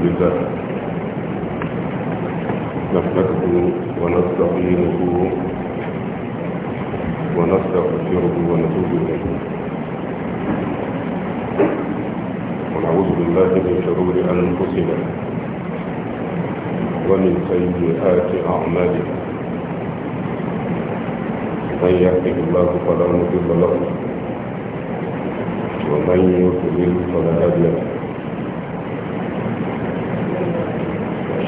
لله نحمده ونستعينه ونستغفره ونتوب اليه ونعوذ بالله من شرور انفسنا ومن سيئات اعمالنا من يهده الله فلا مضل له ومن يضلل فلا هادي له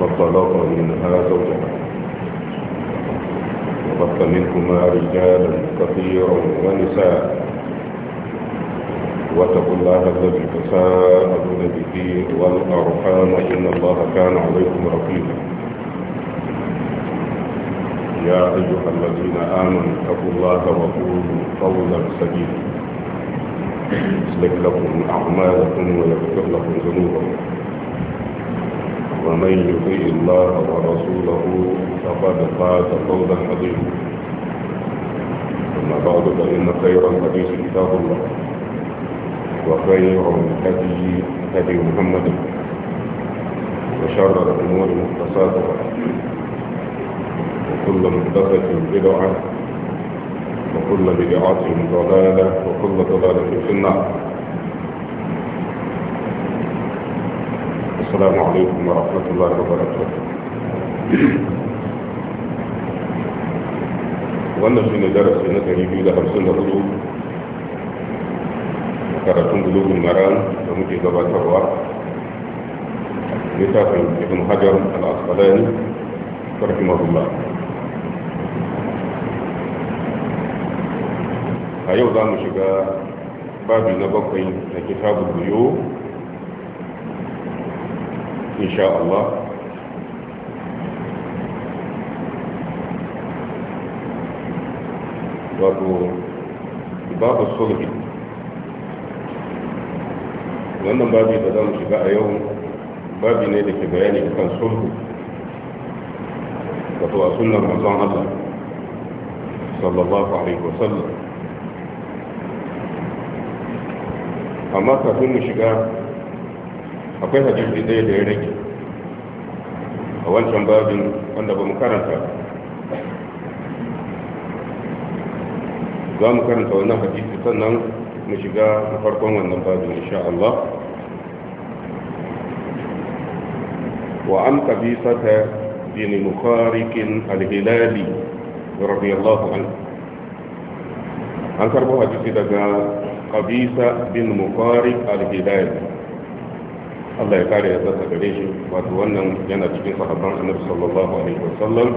فطلق منها زوجها وبث منكما رجالا كثيرا ونساء واتقوا الله الذي تساءلون به والأرحام إن الله كان عليكم رقيبا يا أيها الذين آمنوا اتقوا الله وقولوا قولا سديدا يصلح لكم أعمالكم ويغفر لكم ذنوبكم ومن يطيع الله ورسوله فقد فاز فوزا عظيما أما بعد فإن خير الحديث كتاب الله وخير الهدي هدي محمد وشر الأمور محدثاتها وكل محدثة بدعة وكل بدعة ضلالة وكل ضلالة في النار السلام عليكم ورحمة الله وبركاته وانا في ندرس في نتعي في لهم سنة قلوب وقرأتم قلوب المران ومجي قبع تروى نتاق ابن حجر الأصفلاني رحمه الله هايو دامشي بابي نبقي كتاب البيوت insha Allah wato babu sulhi wannan babi da za mu shiga a yau babi ne da ke bayani kan sulhu wato a sunan mazan Allah sallallahu alaihi wasallam amma kafin mu shiga akwai hadisi ɗaya da ya rage a wancan babin wanda ba mu karanta za mu karanta wannan hadisi sannan mu shiga na farkon wannan babin insha Allah wa an kabisata bin mukhariqin al-hilali radiyallahu anhu an karbo hadisi daga kabisa bin mukhariq al-hilali Allah ya kare ya ta gare shi wato wannan yana cikin sahabban annabi sallallahu alaihi wasallam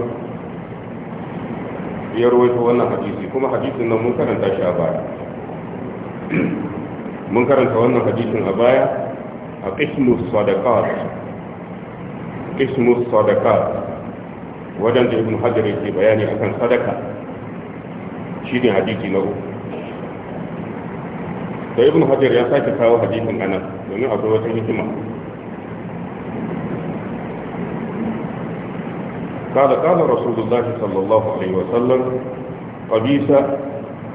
ya rawaito wannan hadisi kuma hadisin nan mun karanta shi a baya mun karanta wannan hadisin a baya a qismu sadaqat qismu sadaqat wajen da ibn hajar yake bayani akan sadaka shi ne hadisi na uku da ibn hajar ya sake kawo hadisin anan domin akwai wata hikima قال قال رسول الله صلى الله عليه وسلم قبيسة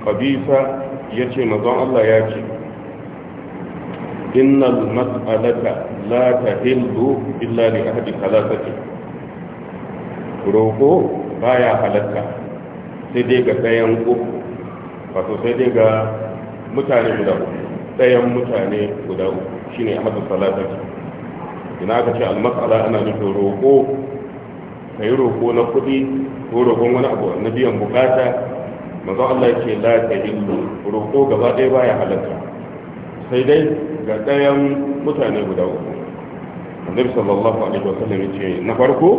قبيسة يتي مضان الله ياتي إن المسألة لا تهل إلا لأهد ثلاثة روكو بايا حلتك سيديك سيان أخو فتو سيديك متاني مدعو سيان متاني مدعو shine a amsa salati ina ka ce al-mas'ala ana nufin roƙo kai roƙo na kuɗi ko roƙon wani abu na biyan bukata manzo Allah ya ce la illu roƙo gaba ɗaya baya halatta sai dai ga ɗayan mutane guda uku annabi sallallahu alaihi wasallam ya ce na farko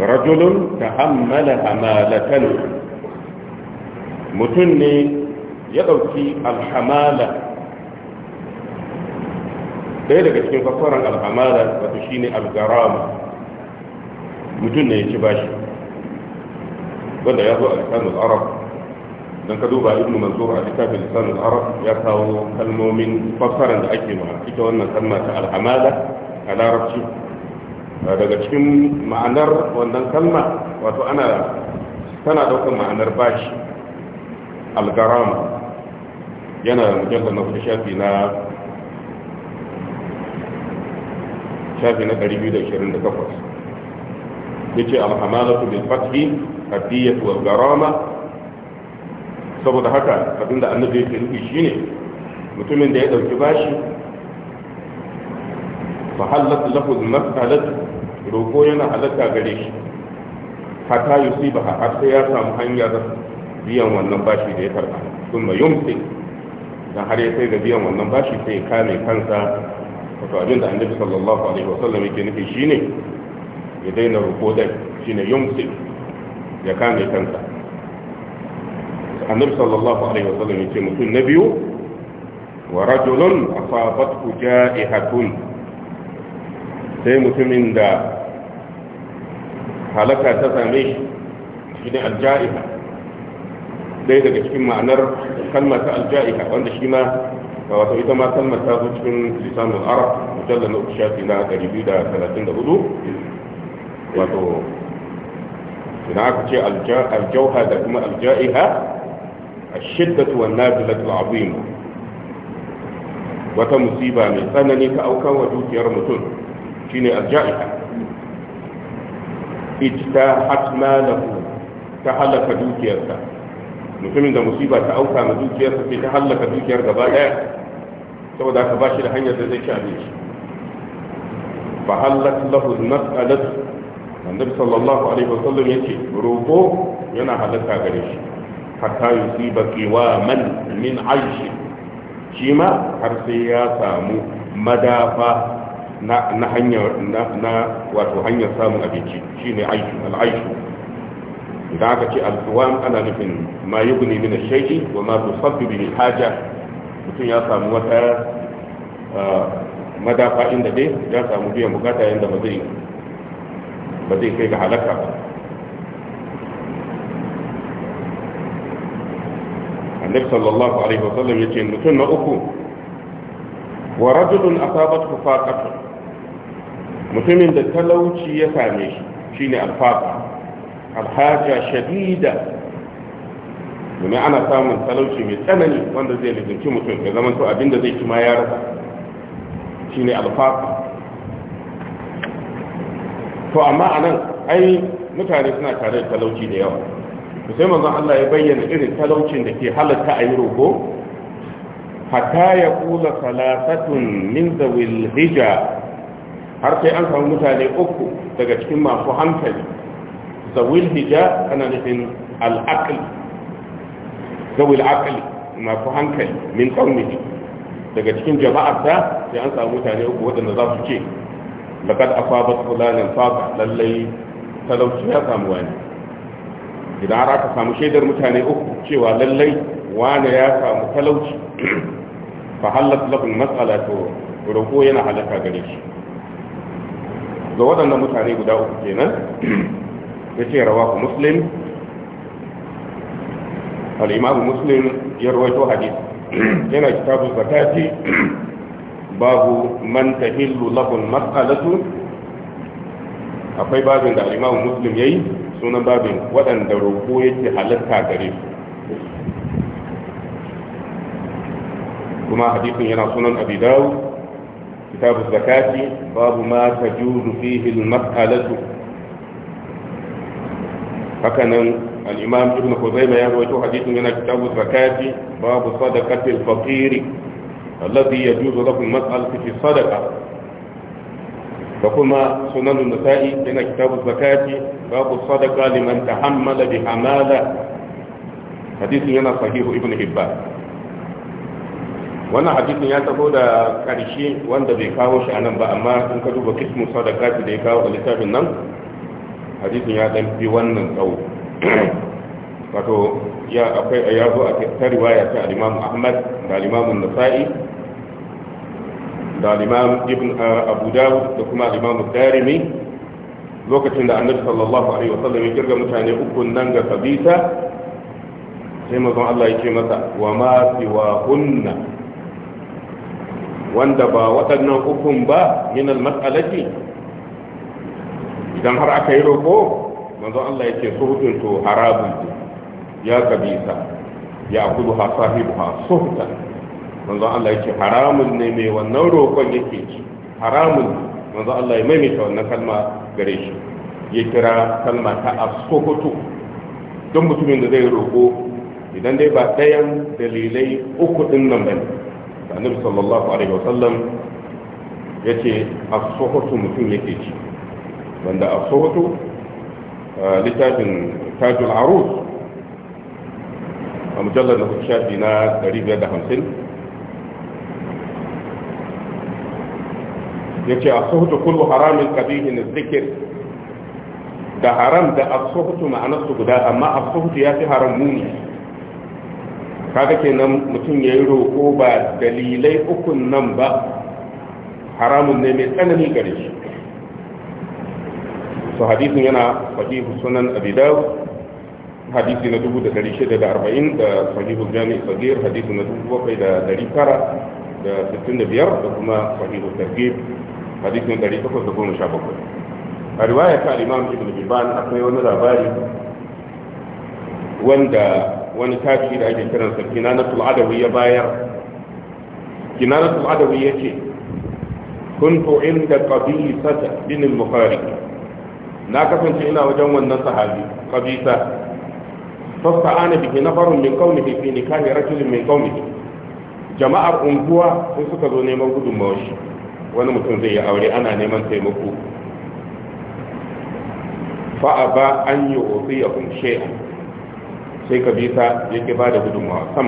rajulun tahammala hamalatan mutum ne ya ɗauki alhamala ɗaya daga cikin fassarar alhamala wato shine algarama mutum ne ya ci bashi wanda ya zo a lisanul arab don ka duba ibnu mansur a littafin lisanul arab ya kawo kalmomin fassarar da ake ma ita wannan kalma ta alhamala a larabci daga cikin ma'anar wannan kalma wato ana tana daukar ma'anar bashi algarama yana da mujallar na shafi na shafi na 228 yace al-hamalatu bil fathi hadiyatu wal garama saboda haka abinda annabi yake nufi shine mutumin da ya dauki bashi fa halat lahu al-mas'alat roko yana halatta gare shi hatta yusiba har sai ya samu hanyar biyan wannan bashi da ya karba kuma yumsi dan har ya sai ga biyan wannan bashi sai ya kame kansa wato abin da annabi sallallahu alaihi wa sallam yake nufi shine ya daina ruko dai shine yumsi ya kame kansa annabi sallallahu alaihi wa wasallam yake mutum na biyu wa rajulun asabathu ja'ihatun sai mutumin da halaka ta same shi shine alja'iha dai daga cikin ma'anar kalmar ta alja'iha wanda shi ma wato ita ma kalmar ta zo cikin lisanul arab mujalla na uku shafi na ɗari biyu da talatin da hudu wato idan aka ce aljauha da kuma aljaiha a shiddatu wa nazilatul azim wata musiba mai tsanani ta aukan wa dukiyar mutum shine aljaiha ijta hatma lahu ta halaka dukiyarsa mutumin da musiba ta auka ma dukiyarsa sai ta halaka dukiyar gaba daya saboda aka ba shi da hanyar da zai ci abinci fa hallat lahu mas'alat annabi sallallahu alaihi wasallam yace roko yana halatta gare shi hatta yusiba qiwaman min aishi shi ma har sai ya samu madafa na na hanyar na wato hanyar samun abinci shine aishu al-aishu idan aka ce al-qiwam ana nufin ma yubni min ash-shay'i wa ma tusabbibu bihi haja mutum ya samu wata madafa inda dai ya samu biyan bukata yadda ba zai ba zai kai ga halaka ba annabi sallallahu alaihi wasallam ya ce mutum na uku wa rajulun asabat faqatu mutumin da talauci ya same shi shine alfaqa alhaja shadida domin ana samun talauci mai tsanani wanda zai lizinci mutum ya zama to abinda zai ci ma ya rasa ne alfafa to amma a nan, ai mutane suna tare da talauci da yawa sai mazan Allah ya bayyana irin talaucin da ke halatta a yi rogo hatta ya kula salasatun min zawil hija har sai an samu mutane uku daga cikin masu hankali zawil hija ana nufin al'akli zawil aqli masu hankali min qaumihi daga cikin jama'ar ta sai an samu mutane uku waɗanda za su ce laqad asabat fulanan faqa lallai talauci ya samu wani idan har aka samu shaidar mutane uku cewa lallai wani ya samu talauci fa halat lahul matsala to roƙo yana halaka gare shi ga waɗannan mutane guda uku kenan ya ce rawahu muslim al-imam muslim ya rawaito hadisi yana kitabu babu man tahillu mas'alatu akwai babin da al-imam muslim yayi sunan babin waɗanda roƙo yake halatta gare su kuma hadisin yana sunan abi dawud kitabu babu ma tajuzu masalatu hakanan al-imam ibn khuzaimah ya rawaito hadisin yana kitabu zakati babu sadaqati al-faqir alladhi yajuzu lahu mas'alatu fi sadaqa da kuma sunanun nasa'i yana kitabu zakati babu sadaqa liman tahammala bi hamala hadisin yana sahihu ibn wannan hadisin ya taho da karshe wanda bai kawo shi anan ba amma in ka duba kismu sadaka da ya kawo a littafin nan hadisin ya dan fi wannan tsawo wato ya akwai a yazo a ta riwaya ta al-Imam Ahmad da al-Imam An-Nasa'i da al-Imam Ibn uh, Abu Dawud da kuma al-Imam Darimi lokacin da Annabi sallallahu alaihi wasallam ya kirga mutane uku nan ga Sabita sai mazan Allah ya ce masa wa ma siwa hunna wanda ba waɗannan ukun ba min al-mas'alati idan har aka yi roko manzo Allah yake suhutun to harabun ya kabisa ya kudu ha sahibu ha suhuta manzo Allah yake haramun ne mai wannan roƙon yake ci haramun manzo Allah ya maimaita wannan kalma gare shi ya kira kalma ta as-suhutu don mutumin da zai roko idan dai ba ɗayan dalilai uku ɗin nan bane annabi sallallahu alaihi wasallam yace as-suhutu mutum yake ci wanda as-suhutu littafin tajul arus a mujallar na shafi na 550 ya ce a suhutu kullu haramin kabihin zikir da haram da a suhutu ma'anarsu guda amma a suhutu ya fi haram muni kaga kenan mutum ya yi roƙo ba dalilai ukun nan ba haramun ne mai tsanani gare shi hadisin hadisin yana sahihu sunan abi dawud hadisi na 1640 da sahihu jami sagir hadisi na 7965 da kuma sahihu targhib hadisi na 1817 a riwaya ta imam ibn hibban akwai wani labari wanda wani tafi da ake kiran sa kinanatul adawi ya bayar kinanatul adawi ya ce inda عند bin al-mukhariq na kasance ina wajen wannan sahabi Kabisa, fasta ana bihi farun min qaumihi fi nikahi rajulin min qaumihi jama'ar unguwa sai suka zo neman gudun shi wani mutum zai yi aure ana neman taimako fa'a ba an yi ofi ya kunshe sai kabisa yake ba da gudun sam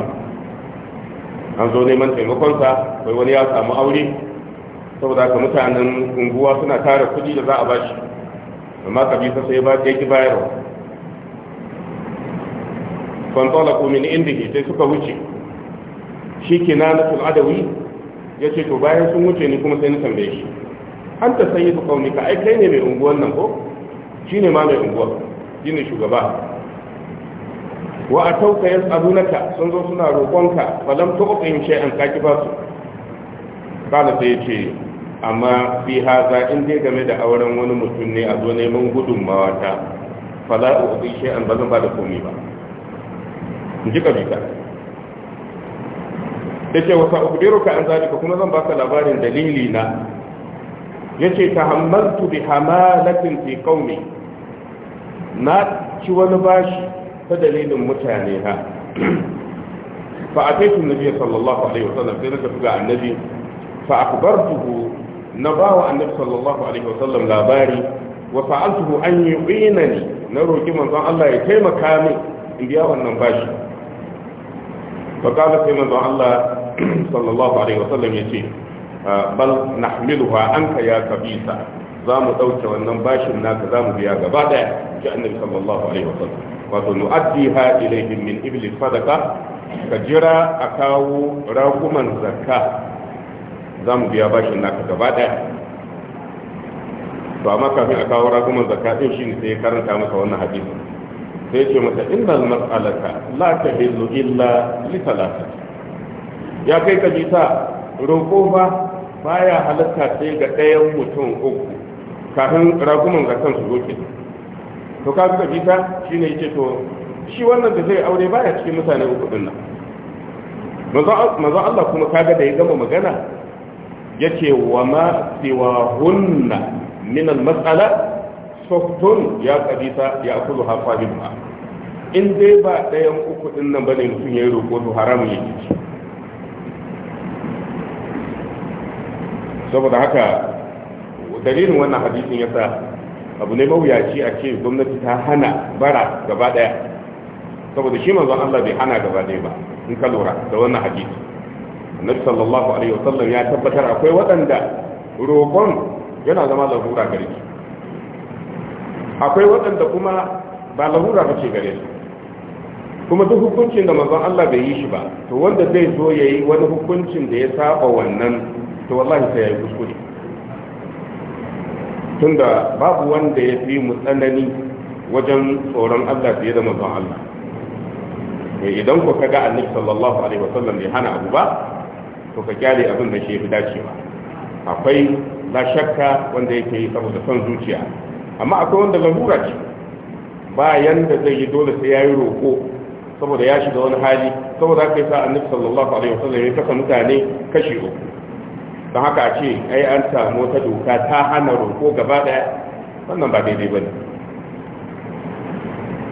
an zo neman taimakonsa bai wani ya samu aure saboda ka mutanen unguwa suna tara kudi da za a bashi amma kabisa sai ba ta ki bayarwa fantalaku min ke sai suka wuce shi ke kinanatul adawi ya ce to bayan sun wuce ni kuma sai na tambaye shi an ta sanyi ku ka ai kai ne mai unguwan nan ko shi ne ma mai unguwa shi ne shugaba wa a tauka ya tsarunaka sun zo suna roƙonka falam ta ƙoƙayin shay'an kaki ba su kana sai ya ce amma fi haza in dai game da auren wani mutum ne a zo neman gudunmawa ta fala uqi shay'an bazan ba da komai ba in ji kabita yace wa ka an zalika kuma zan baka labarin dalili na yace tahammaltu bi hamalatin fi qaumi na ci wani bashi ta dalilin mutane ha fa ataitu nabi sallallahu alaihi wasallam sai na tafi ga annabi fa akhbartuhu na ba wa annabi sallallahu alaihi wasallam labari wa fa'altuhu an yu'inani na roki manzon Allah ya taimaka min in biya wannan bashi fa kala sai manzon Allah sallallahu alaihi wasallam yace ah, bal nahmiluha anka ya kabisa za mu dauke wannan bashin naka za mu biya gaba daya ji annabi sallallahu alaihi wasallam wato nu'addiha ilaihim min ibli sadaqa ka jira a kawo raguman zakka za mu biya bashin naka gaba ɗaya. to amma kafin a kawo raguman zakatin shi ne sai ya karanta masa wannan hadisi sai ce masa inda mas'alaka la ta hillu illa li talata ya kai ka jita roƙo ba baya halatta sai ga ɗayan mutum uku kafin raguman zakan su zoke to ka ka jita ne yace to shi wannan da zai aure baya cikin mutane uku din nan manzo Allah kuma kaga da ya gama magana yace wa ma siwa hunna min al-mas'ala softun ya kadisa ya akulu hafadin ma. in dai ba ɗayan uku din nan bane mutum yayi roƙo to haram ne saboda haka dalilin wannan hadisin yasa abu ne mawuyaci a ce gwamnati ta hana bara gaba daya saboda shi manzon Allah bai hana gaba daya ba in ka lura da wannan hadisi annabi sallallahu alaihi wasallam ya tabbatar akwai waɗanda roƙon yana zama larura gare su akwai waɗanda kuma ba larura ba ce gare su kuma duk hukuncin da manzon Allah bai yi shi ba to wanda zai zo ya yi wani hukuncin da ya saba wannan to wallahi sai ya yi kuskure tunda babu wanda ya fi mu tsanani wajen tsoron Allah fiye da manzon Allah idan ku kaga annabi sallallahu alaihi wasallam bai hana abu ba to ka kyale abin da shi fi dacewa akwai la shakka wanda yake yi saboda son zuciya amma akwai wanda larura ce bayan da zai yi dole sai ya yi roko saboda ya shiga wani hali saboda haka yasa annabi sallallahu alaihi wasallam ya kasa mutane kashi uku don haka a ce ai an samu wata doka ta hana roko gaba daya wannan ba daidai ba ne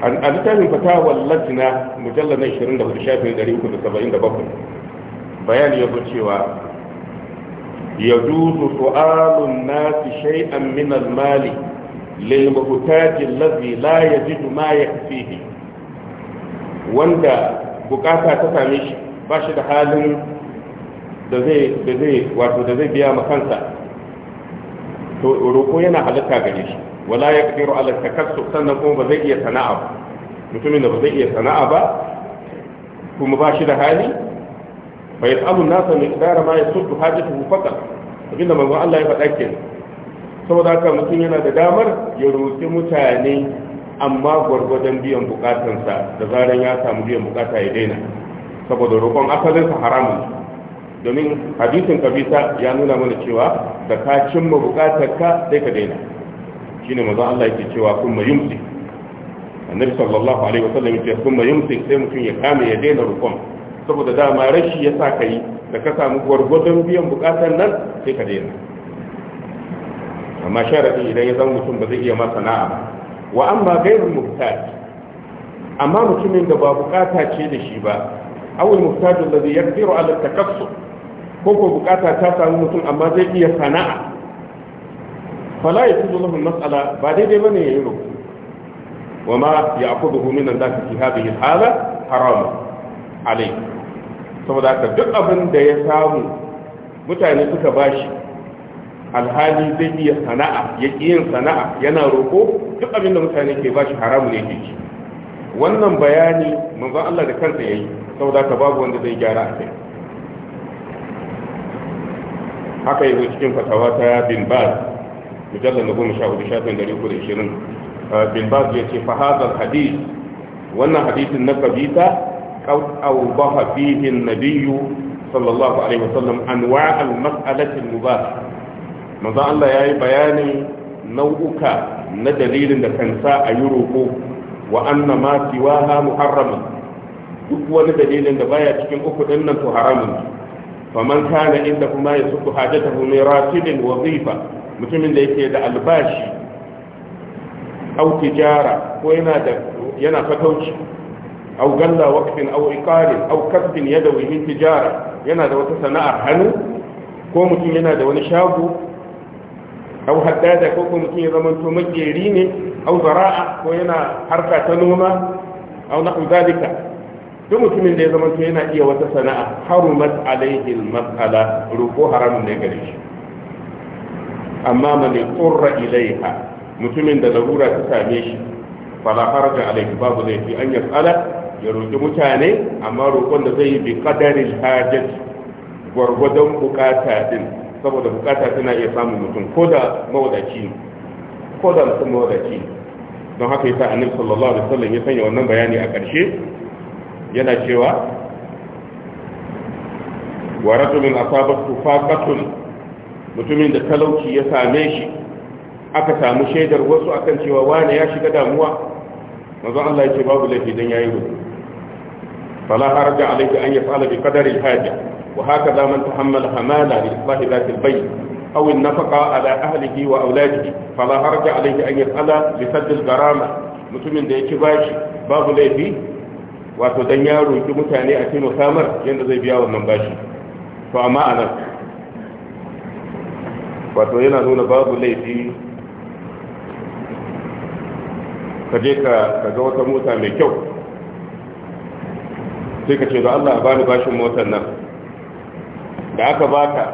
a littafin fatawa lajina mujallar na 24 shafin 377 Bayan ya zo cewa ya duzu su'alun nasi shay'an min al-mali lil muhtaji allazi la yajidu ma yakfihi wanda bukata ta same shi ba shi da halin da zai da zai wato da zai biya ma kansa to roko yana halitta gare shi wala yaqdiru ala takassu sannan kuma ba zai iya sana'a mutumin da ba zai iya sana'a ba kuma ba shi da hali bai yas'alu nasa mai qara ma ya hajji ta faqat abinda mazan Allah ya faɗa kenan saboda haka mutum yana da damar ya roƙi mutane amma gwargwadon biyan bukatansa da zaren ya samu biyan bukata ya daina saboda roƙon asalinsa haramun domin hadisin kabisa ya nuna mana cewa da ka cimma ka sai ka daina shine mazan Allah yake cewa kun mayumsi annabi sallallahu alaihi wasallam yake kun mayumsi sai mutum ya kame ya daina roƙon saboda dama rashi ya sa ka yi da ka samu gwargwadon biyan bukatar nan sai ka daina amma sharaɗi idan ya zama mutum ba zai iya ma sana'a ba wa amma gairu muhtaji amma mutumin da ba bukata ce da shi ba awul muhtaji da zai yardiru ala takassu ko ko bukata ta samu mutum amma zai iya sana'a fala ya tuzo lahun matsala. ba daidai ba ne ya yi rubutu. wa ma ya za huminan da fi yin hala haramun alai saboda haka duk abin da ya samu mutane suka bashi alhali zai iya sana'a ya yin sana'a yana roko duk abin da mutane ke bashi haramu ne ke ci wannan bayani manzon Allah da kansa yayi saboda ka babu wanda zai gyara a kai haka yanzu cikin fatawa ta bin baz mujallar na goma sha hudu shafin dari uku da shirin. Uh, bin baz ya ce fa hadal hadis wannan hadisin na kabita أوضح فيه النبي صلى الله عليه وسلم أنواع المسألة المباحة ماذا الله يا بياني نوعك ندليل لكنساء يروكو وأن ما سواها محرما duk wani dalilin da baya cikin uku din nan to haramun faman kana inda kuma ya wazifa mutumin da yake da albashi au tijara ko yana da yana fatauci au galla waqfin au iqarin au kasbin yadawi min tijara yana da wata sana'ar hannu ko mutum yana da wani shago au haddada ko mutum ya zama to ne au zara'a ko yana harka ta noma au na'u zalika duk mutumin da ya zama yana iya wata sana'a harumat alaihi al-mas'ala ruko haramun ne gare shi amma man ilaiha mutumin da larura ta same shi fala harja babu laifi an yas'ala ya roƙi mutane amma roƙon da zai yi bi qadarin hajjaj gwargwadon bukata din saboda bukata tana iya samun mutum ko da mawadaci ko da mutum mawadaci don haka yi annabi sallallahu alaihi sallam ya sanya wannan bayani a ƙarshe yana cewa wa rajulun tufa faqatun mutumin da talauci ya same shi aka samu shaidar wasu akan cewa wane ya shiga damuwa manzo Allah yake babu laifi dan yayi ruku fala harja alayka an yaf'ala bi qadari haja wa man tahammala hamala li mutumin da yake bashi babu laifi wato dan ya roki mutane a cikin samar yanda zai biya wannan bashi to amma anan wato yana nuna babu laifi ka je ka ga wata mota mai kyau sai ka ce da Allah ba ni bashin motar nan da aka baka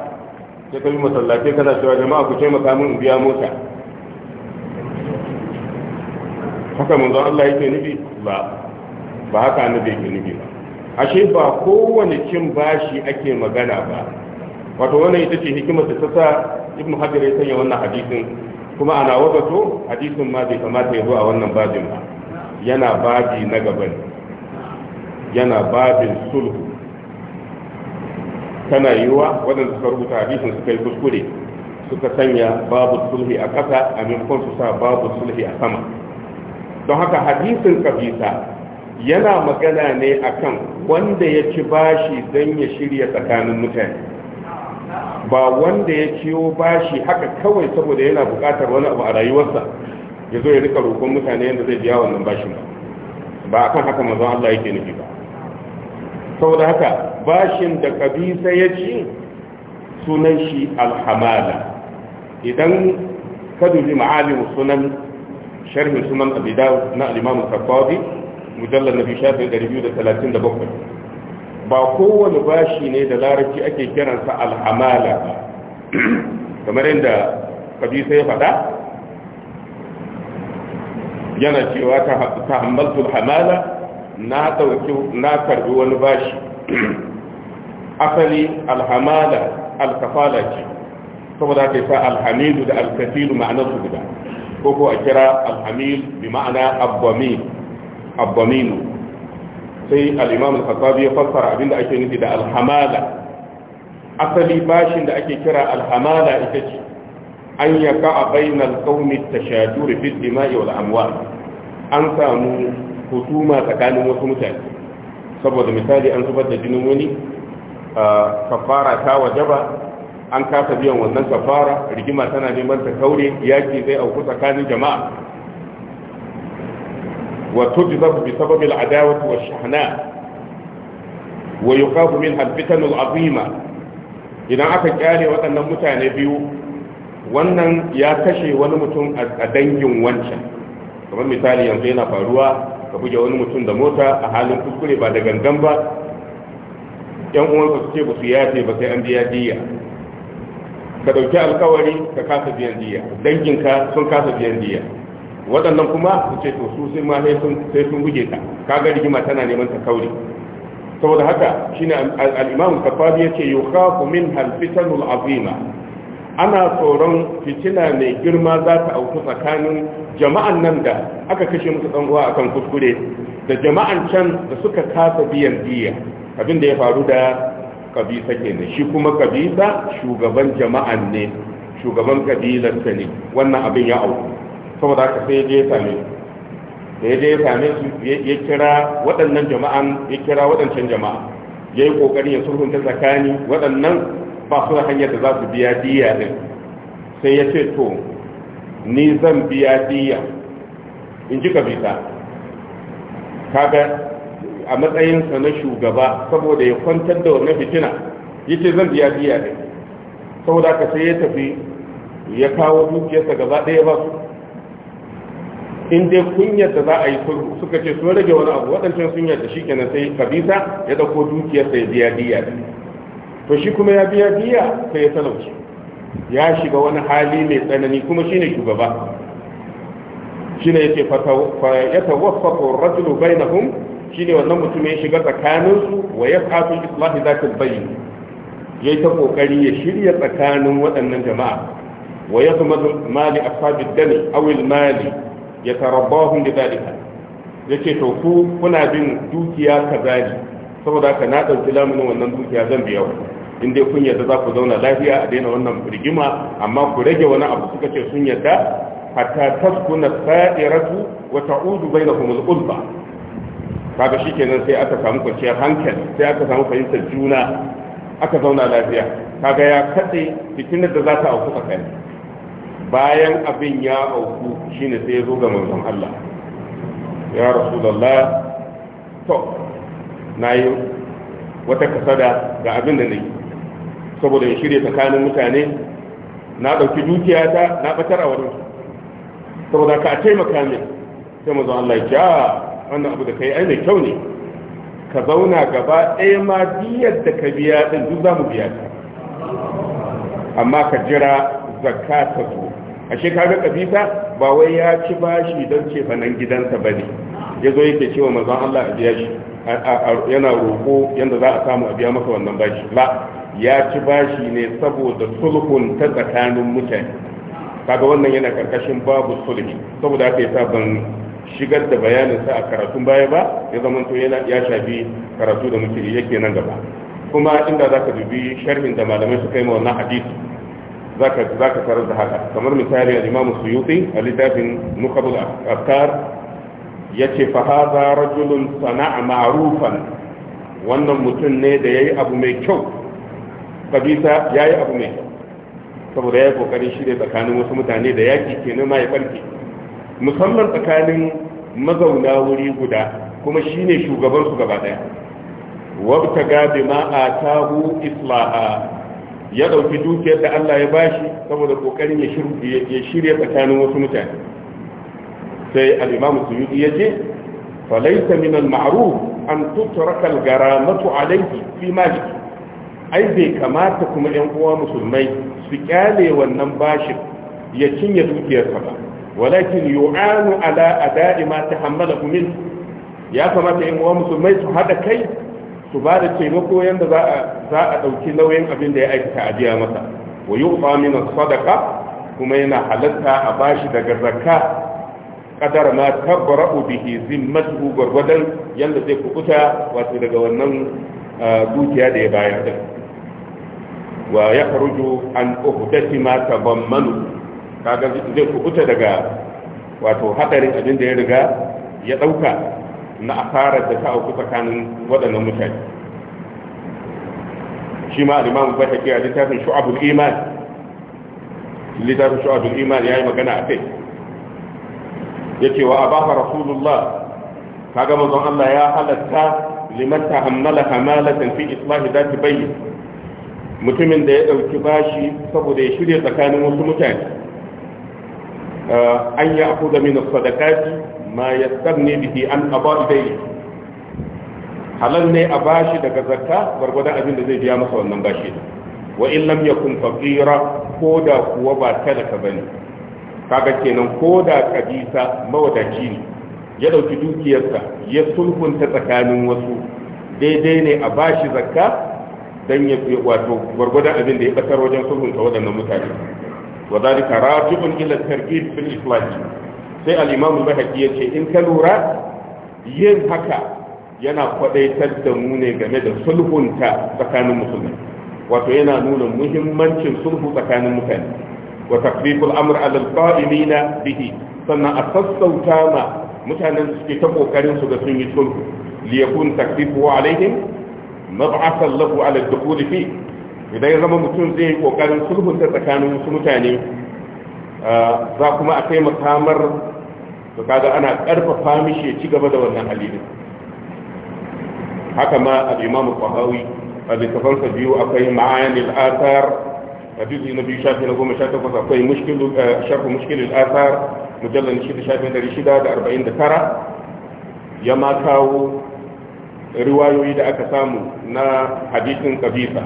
sai ka yi masallaci kana cewa jama'a ku ce mun biya mota haka manzon Allah yake nufi ba ba haka annabi yake nufi ba ashe ba kowane cin bashi ake magana ba wato wannan ita ce hikimar ta sa ibn hajar ya sanya wannan hadisin kuma ana wabato hadisin ma bai kamata ya zo a wannan babin ba yana babi na gaban yana babin sulhu tana yiwuwa waɗanda suka rubuta hadisin suka yi kuskure suka sanya babu sulhi a ƙasa a maimakon su sa babu sulhi a sama don haka hadisin kabisa yana magana ne akan wanda ya ci bashi don ya shirya tsakanin mutane ba wanda ya ciyo bashi haka kawai saboda yana buƙatar wani abu a rayuwarsa ya zo ya rika roƙon mutane yadda zai biya wannan bashin ba ba akan haka manzon Allah yake nufi ba saboda haka bashin da kabisa ya ci sunan shi alhamala idan ka dubi ma'alimu sunan sharhin sunan abidaw na al-imam al nabi shafi 237 ba kowane bashi ne da larabci ake kiransa alhamala kamar yadda kabisa ya faɗa yana cewa ta hammaltul hamala na ɗauki na karbi wani bashi asali alhamala alkafala ce saboda ta sa alhamilu da alkafilu ma'anar su guda ko ko a kira alhamil bi ma'ana abbaminu sai Alimam imam al-khattabi ya fassara abinda ake nufi da alhamala. asali bashin da ake kira alhamala ita ce an yaka a bainal qaumi ta fi dima'i wal amwal an samu hutuma tsakanin wasu mutane saboda misali an zubar da jinin wani kafara ta wajaba an kasa biyan wannan kafara rigima tana neman ta kaure yaki zai auku tsakanin jama'a وتجذب بسبب العداوة والشحناء ويخاف منها الفتن العظيمة إذا أكا كالي وأن متعنى بيو wannan ya kashe wani mutum a dangin wancan kamar misali yanzu yana faruwa ka buge wani mutum da mota a halin kuskure ba da ba yan uwansa su ce ba yafe ba sai an biya diya ka dauki alkawari ka kasa biyan diya danginka sun kasa biyan diya waɗannan kuma su ce to su sai ma sai sun buge ka kaga rigima tana neman ta kauri saboda haka shine al-imam kafabi yace yukhafu min al-fitanul azima ana tsoron fitina mai girma za ta auku tsakanin jama'an nan da aka kashe musu dan uwa akan kuskure da jama'an can da suka kasa biyan diya abin da ya faru da kabisa kenan shi kuma kabisa shugaban jama'an ne shugaban kabilar ne wannan abin ya auku saboda haka sai je same su da ya je ya same su ya kira waɗannan jama'an ya kira waɗancan jama'a ya yi ƙoƙarin ya sulhunta tsakani waɗannan ba su da hanyar da za su biya diya ɗin sai ya ce to ni zan biya diya in ji kabita kaga a matsayinsa na shugaba saboda ya kwantar da wannan fitina ya ce zan biya diya ɗin saboda haka sai ya tafi ya kawo dukiyarsa gaba ɗaya ba su in dai kunyar da za a yi suka ce sun rage wani abu waɗancan sun da shi kenan sai kabisa ya ɗauko dukiyar sai biya biya to shi kuma ya biya biya, sai ya talauci ya shiga wani hali mai tsanani kuma shi ne shugaba ya yake fa ya na rajulu shi ne wannan mutum ya shiga tsakaninsu wa ya yas'atu islahi bayi ya yayi ta kokari ya shirya tsakanin waɗannan jama'a wa ya yatmadu mali a ashabi dani a mali ya tarabbahun da zalika ya ce to ku kuna bin dukiya ka ne saboda ka na ɗauki lamunin wannan dukiya zan biya ku in dai kun yarda za ku zauna lafiya a daina wannan rigima amma ku rage wani abu suka ce sun yarda hatta taskuna sa'iratu wa ta'udu bainakum al-ulfa kaga shikenan sai aka samu kwanciyar hankali sai aka samu fahimtar juna aka zauna lafiya kaga ya katse fitinar da za ta auku tsakani bayan abin ya auku shine sai ya zo ga manzon Allah ya rasulullah to nayi wata kasada ga abin da nayi saboda in shirye tsakanin mutane na dauki dukiya ta na batar a wurin saboda ka taimaka min sai manzon Allah ya ah, wannan abu da kai ai mai kyau ne ka zauna gaba ɗaya ma biyar da ka biya ɗin duk za mu biya ta amma ka jira zakka ta ashe kaga kabisa ba wai ya ci bashi don ce fanan gidansa bane ya zo yake cewa manzon Allah a biya shi yana roko yanda za a samu a biya maka wannan bashi la ya ci bashi ne saboda sulhun ta tsakanin mutane kaga wannan yana karkashin babu sulhi saboda aka yasa ban shigar da bayanin sa a karatun baya ba ya zama to yana ya shafi karatu da muke yake nan gaba kuma inda zaka dubi sharhin da malamai suka yi ma wannan hadisi za ka tarar da haka kamar misali a imamu suyuti a littafin da afkar ya ce fahaza rajulun sana'a ma'rufan wannan mutum ne da ya yi abu mai kyau kabisa ya yi abu mai kyau saboda ya yi kokarin shirya tsakanin wasu mutane da yaki ke nema ya barke musamman tsakanin mazauna wuri guda kuma shi shine shugabansu gaba daya wabta gabi ma a tahu islaha ya ɗauki dukiyar da Allah ya bashi saboda kokarin ya shirya tsakanin wasu mutane sai alimamu imamu suyuti ya ce falaita min al an tutraka al-garamatu alayhi fi maliki ai bai kamata kuma yan uwa musulmai su kyale wannan bashin ya cinye dukiyarsa ba walakin yu'anu ala ada'i ma tahammalahu min ya kamata yan uwa musulmai su haɗa kai su ba da taimako yadda za a ɗauki nauyin abin da ya aikata a biya masa wa yi wa min sadaka kuma yana halatta a bashi daga zakka kadar ma tabbara zin masu gwargwadon yadda zai kukuta wato daga wannan dukiya da ya bayar din wa ya faruju an uhudati ma manu kaga zai kukuta daga wato hadarin abin da ya riga ya ɗauka. na asarar da ta auku tsakanin waɗannan mutane shi ma alimamu bai haƙi a littafin shu'abul iman littafin shu'abul iman ya yi magana a kai ya ce wa abafa rasulullah kaga zan Allah ya halatta liman hamala hamalatan fi islahi zati bayyin mutumin da ya ɗauki bashi saboda ya shirya tsakanin wasu mutane an yi aku min ma yastarni bihi an qada idai halal ne a bashi daga zakka gwargwadon abin da zai biya masa wannan bashi wa in lam yakun faqira ko da kuwa ba talaka bane kaga kenan ko da kabisa mawadaci ne ya dauki dukiyarsa ya sulhunta tsakanin wasu daidai ne a bashi zakka dan ya wato gwargwadon abin da ya kasar wajen sulhunta waɗannan mutane wa zalika rajibun ila tarqib fil islam sai al-imamu ya ce in ka lura yin haka yana kwadaitar da mu ne game da sulhunta tsakanin musulmi wato yana nuna muhimmancin sulhu tsakanin mutane wa taqriful amr ala al-qa'imina bihi sannan a sassauta ma mutanen suke ta kokarin su ga sun yi sulhu li yakun takrifu alaihim mab'athan lahu ala dukhul fi idan ya zama mutum zai yi kokarin sulhunta tsakanin wasu mutane ah, za kuma a kai makamar to kaga ana karfafa mishi ya ci gaba da wannan hali haka ma al-imamu qahawi a littafansa biyu akwai al athar a juzi na biyu shafi na goma sha takwas akwai mushkil eh, al athar mujallar shida shafi shida da arba'in da tara ya ma kawo riwayoyi da aka samu na hadisin kabisa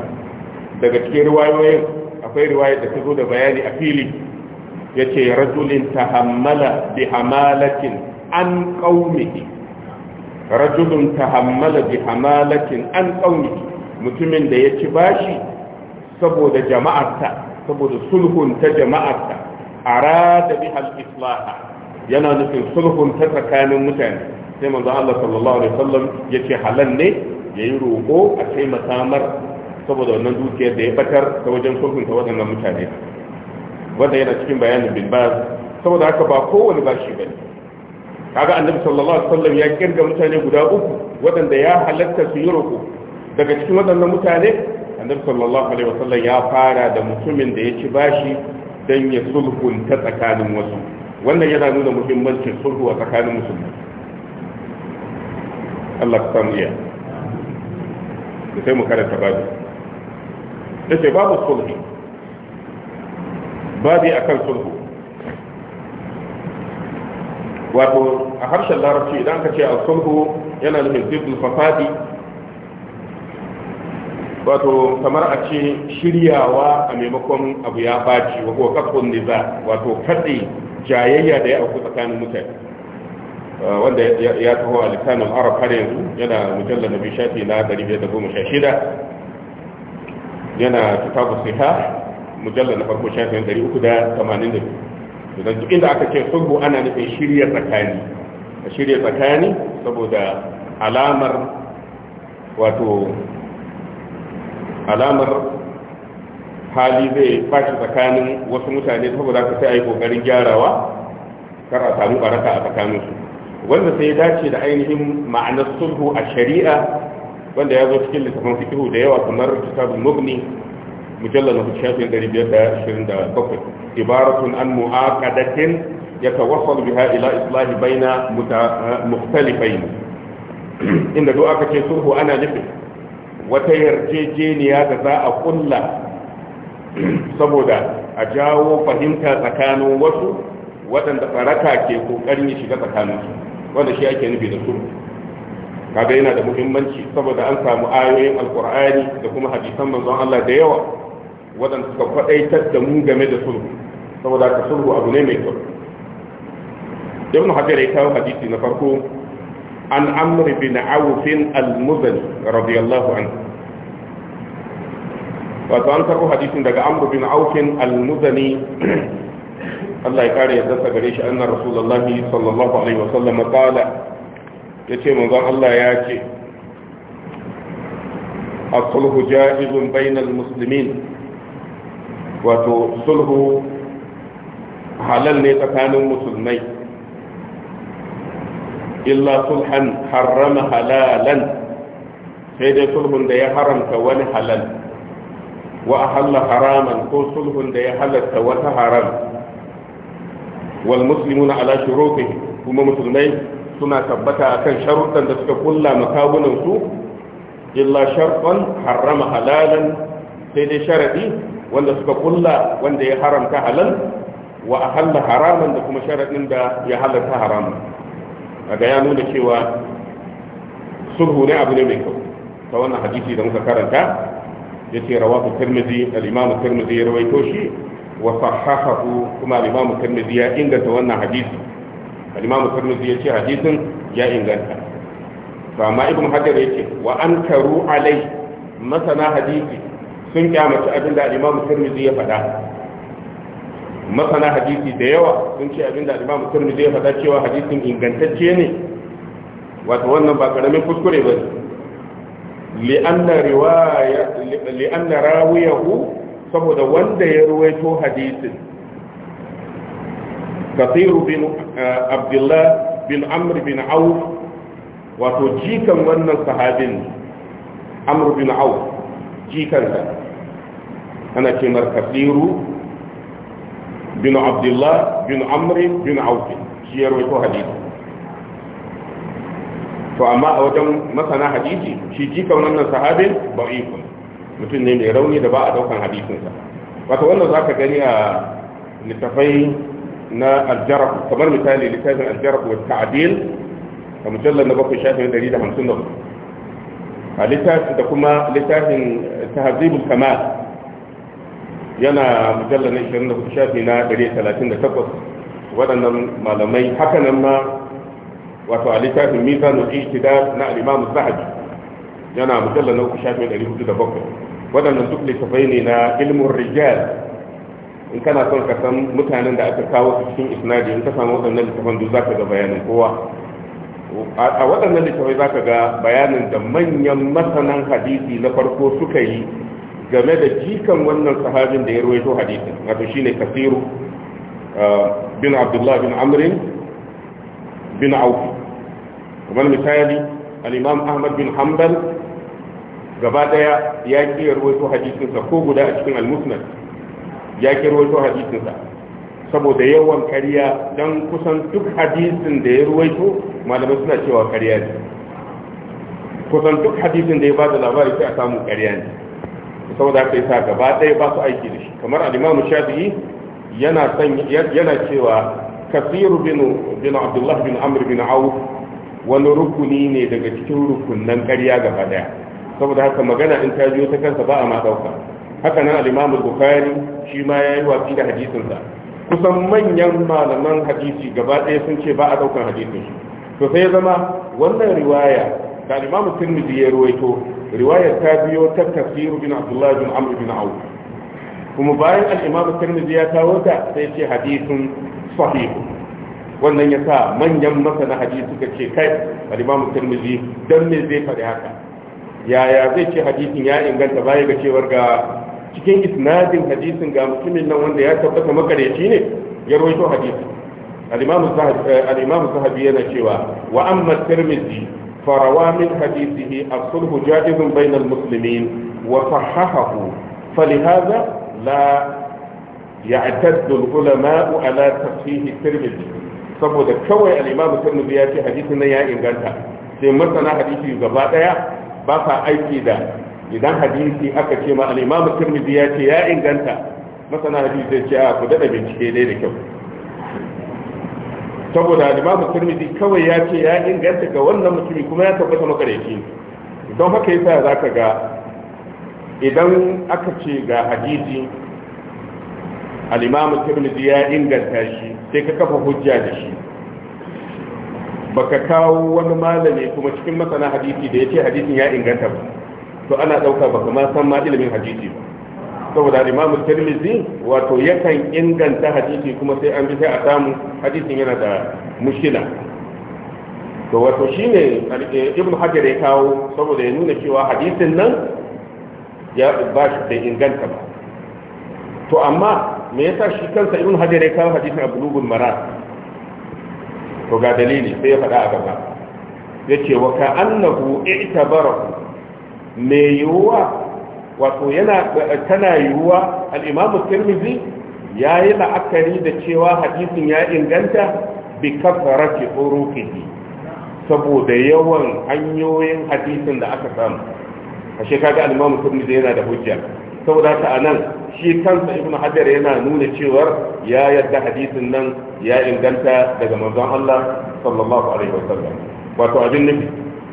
daga cikin riwayoyin akwai riwaya da ta zo da bayani a fili yace rajulin tahammala bi hamalatin an qaumihi rajulun tahammala bi hamalatin an qaumihi mutumin da ya ci bashi saboda jama'arsa saboda sulhun ta jama'arsa arada bi al-islaha yana nufin sulhunta tsakanin mutane sai manzo Allah sallallahu alaihi wasallam yace halal ne yayi roko a taimaka mar saboda wannan dukiyar da ya batar ta wajen sulhun ta waɗannan mutane wanda yana cikin bayanin bin baz saboda haka ba kowane bashi bane kaga annabi sallallahu alaihi wasallam ya kirga mutane guda uku waɗanda ya halatta su yi roƙo daga cikin waɗannan mutane annabi sallallahu alaihi wasallam ya fara da mutumin da ya ci bashi dan ya sulhunta tsakanin wasu wannan yana nuna muhimmancin sulhu a tsakanin musulmi Allah ka samu iya sai mu karanta babu yace babu sulhi babi akan sulhu wato a harshen larabci idan ka ce al-sulhu yana nufin zibdul fafadi wato kamar a ce shiryawa a maimakon abu ya baci wa kuwa niza wato kaɗe jayayya da ya auku tsakanin mutane uh, wanda ya taho a lisanin arab har yanzu yana mujalla na biyu shafi na 516 yana kitabu siha mujallar na farko shafin 382 da duk inda aka ce sulhu ana nufin shirya tsakani a shirya tsakani saboda alamar wato alamar hali zai fashi tsakanin wasu mutane saboda ka sai a yi kokarin gyarawa kar a samu baraka a tsakaninsu wanda sai ya dace da ainihin ma'anar sulhu a shari'a wanda ya zo cikin littafin fikihu da yawa kamar kitabun mugni mujallar na shafin 527 ibaratun an mu'aqadatin yatawassalu biha ila islahi baina mutalifain inda du'a kace ce sulhu ana nufin wata yarjejeniya da za a kulla saboda a jawo fahimta tsakanin wasu waɗanda faraka ke kokarin ya shiga su, wanda shi ake nufi da sulhu kaga yana da muhimmanci saboda an samu ayoyin alkur'ani da kuma hadisan manzon Allah da yawa waɗanda suka kwaɗaitar da mu game da sulhu saboda ka sulhu abu ne mai kyau ibn hajar ya kawo hadisi na farko an amri bin auf al-muzani radiyallahu anhu wato an karɓo hadisin daga amr bin auf al-muzani Allah ya kare yadda gare shi annar rasulullahi sallallahu alaihi wa sallam qala yace manzon Allah ya ce الصلح جائز بين المسلمين wato sulhu halal ne tsakanin musulmai illa sulhan harrama halalan sai dai sulhun da ya haramta wani halal wa ahalla haraman ko sulhun da ya halatta wata haram wal muslimuna ala shurutihim kuma musulmai suna tabbata akan sharuɗan da suka kulla makawunan su illa sharɗan harrama halalan sai dai sharadi wanda suka kulla wanda ya haramta halal wa ahalla haraman da kuma sharadin da ya halarta haramun ga ya nuna cewa sulhu ne abu ne mai kyau ta wannan hadisi da muka karanta yace rawahu tirmidhi al-imam tirmidhi ya rawaito shi wa sahahahu kuma al-imam tirmidhi ya inganta wannan hadisi al-imam tirmidhi yace hadisin ya inganta to amma ibn hajar yace wa ankaru alai masana hadisi sun kyamaci abin da alimamu turmizi ya faɗa masana hadisi da yawa sun ce abin da alimamu turmizi ya faɗa cewa hadisin ingantacce ne wato wannan ba karamin kuskure ba ne li'anna rawiyahu saboda wanda ya ruwaito hadisin kasiru bin eh, abdullah bin amr bin auf wato jikan wannan sahabin amr bin auf jikansa ana ce mar kasiru bin abdullah bin amri bin auki shi ya rawaito hadisi to amma a wajen masana hadisi shi jika wannan sahabin ba'ifun mutum ne mai rauni da ba a daukan hadisinsa wato wannan za ka gani a littafai na aljarab kamar misali littafin aljarab wa ta'adil a mujallar na bakwai shafin da hamsin a littafin da kuma littafin tahazibul kamal yana mujallar na 24 shafi na 138 waɗannan malamai hakanan ma wato a littafin mizanul ihtida na al-imam zahabi yana mujallar na 3 shafi bakwai waɗannan duk littafai ne na ilmin rijal in kana son ka san mutanen da aka kawo su cikin isnadi in ka samu waɗannan littafan duk zaka ga bayanin kowa a waɗannan littafai zaka ga bayanin da manyan masanan hadisi na farko suka yi game da jikan wannan sahabin da ya ruwaito hadisin wato shine kasiru uh, bin abdullah bin amrin bin auf kamar misali al-imam ahmad bin hanbal gaba daya ya ki ruwaito hadisin sa ko guda a cikin al-musnad ya ke ruwaito hadisin sa saboda yawan kariya dan kusan duk hadisin da ya ruwaito malamai suna cewa kariya ne kusan duk hadisin da ya bada labari sai a samu kariya ne saboda haka yasa gaba ɗaya ba su aiki da shi kamar al-imam shafi'i yana san yana cewa kasiru bin bin abdullah bin amr bin auf wani rukuni ne daga cikin rukunnan ƙarya gaba ɗaya saboda haka magana in ta ta kansa ba a ma ɗauka haka nan al-imam bukhari shi ma yayi wafi da hadisinsa kusan manyan malaman hadisi gaba ɗaya sun ce ba a ɗaukan hadisin shi to sai zama wannan riwaya da imam tirmidhi ya ruwaito riwayar ta biyo ta kafir bin abdullah bin amr bin auf kuma bayan al-imam tirmidhi ya kawo ta sai ce hadithun sahih wannan ya sa manyan masana hadisi suka ce kai al-imam tirmidhi dan me zai faɗi haka yaya zai ce hadisin ya inganta baya ga cewar ga cikin isnadin hadisin ga mutumin nan wanda ya tabbata makareci ne ya rawaito hadisin al-imam zahabi yana cewa wa amma tirmidhi فروى من حديثه الصلح جائز بين المسلمين وصححه فلهذا لا يعتد العلماء على تصحيح الترمذي saboda kawai al'imamu tirmidhi ya ce hadisin nan ya inganta sai masana hadisi gaba daya ba sa aiki da idan hadisi aka ce ma al'imamu tirmidhi ya ce ya inganta masana hadisi zai ce a ku dada bincike dai da kyau saboda limamu turmidi kawai ya ce ya inganta ga wannan mutumi kuma ya tabbata yake don haka yasa za ka ga idan aka ce ga hadisi alimamu turmidi ya inganta shi sai ka kafa hujja da shi baka kawo wani malami kuma cikin masana hadisi da ya ce hadisin ya inganta ba to ana ɗauka baka ma san ma ilimin hadisi ba saboda imamu tirmidhi wato yakan inganta hadisi kuma sai an bi sai a samu hadisin yana da mushkila to wato shine eh, ibnu hajar ya kawo saboda ya nuna cewa hadisin nan ya ba shi da inganta ba to amma me yasa shi kansa ibnu hajar ya kawo hadisin abulugul marat to ga dalili sai ya faɗa a gaba yace wa ka i'tabara me yuwa wato yana tana yiwuwa al'imamu tirmizi ya yi la'akari da cewa hadisin ya inganta bi kafarati urukihi saboda yawan hanyoyin hadisin da aka samu a shekaga al'imamu tirmizi yana da hujja saboda ta anan shi kansa ibnu hajar yana nuna cewar ya yadda hadisin nan ya inganta daga manzon Allah sallallahu alaihi wasallam wato abin nufi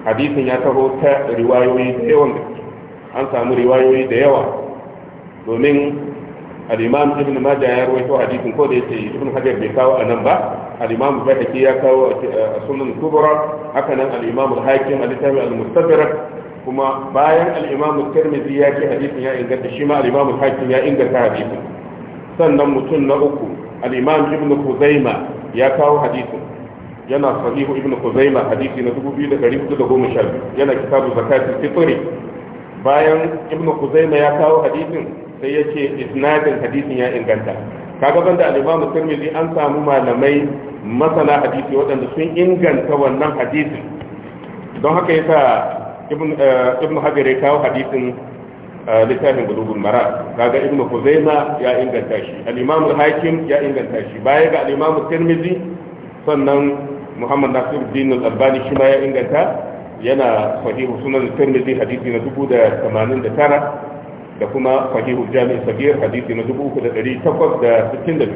hadisin ya taho ta riwayoyi da yawan gaske an samu riwayoyi da yawa domin al-imam ibn majah ya rawaito hadisin ko da yake ibn hajar bai kawo a nan ba al-imam bayhaqi ya kawo a sunan kubra haka nan al-imam al-hakim al-tabi al-mustadrak kuma bayan al-imam tirmidhi ya ce hadisin ya inganta shi ma al-imam al-hakim ya inganta hadisin sannan mutum na uku al-imam ibn khuzaima ya kawo hadisin yana sahihu ibn khuzaima hadisi na 2412 yana kitabu zakati fitri bayan ibnu kuzaima ya kawo hadisin sai ya ce isnadin hadisin ya inganta kaga banda al-imam tirmidhi an samu malamai masana hadisi waɗanda sun inganta wannan hadisin don haka yasa ibnu eh, hajar ya kawo hadisin eh, littafin bulugul mara kaga ibnu kuzaima ya inganta shi al-imam al-hakim ya inganta shi baya ga al-imam tirmidhi sannan muhammad nasiruddin al-albani shi ma ya inganta yana sahihu sunan tirmidhi hadisi na 1089 da kuma sahihu jami'i sabir hadisi na 3862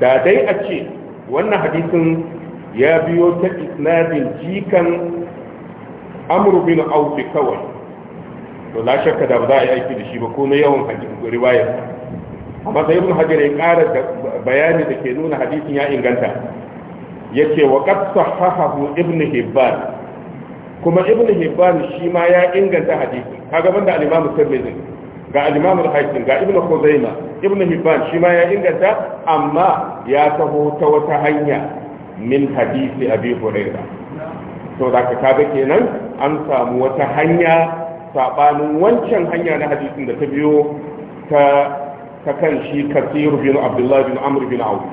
da dai a ce wannan hadisin ya biyo ta isnadin jikan amru bin auf kawai to la shakka da ba za a yi aiki da shi ba ko na yawan hadisin riwayar amma sai ibn hajar ya ƙara da bayani da ke nuna hadisin ya inganta yace wa qad sahahahu ibn hibban kuma ibnu hibban shi ma ya inganta hadisi kaga banda al-imam tirmidhi ga al-imam al-hakim ga ibnu khuzaima ibnu hibban shi ma ya inganta amma ya taho ta wata hanya min hadisi abi hurairah to da ka kaga kenan an samu wata hanya sabanin wancan hanya na hadisin da ta biyo ta ta kan shi kasir bin abdullah bin amr bin auf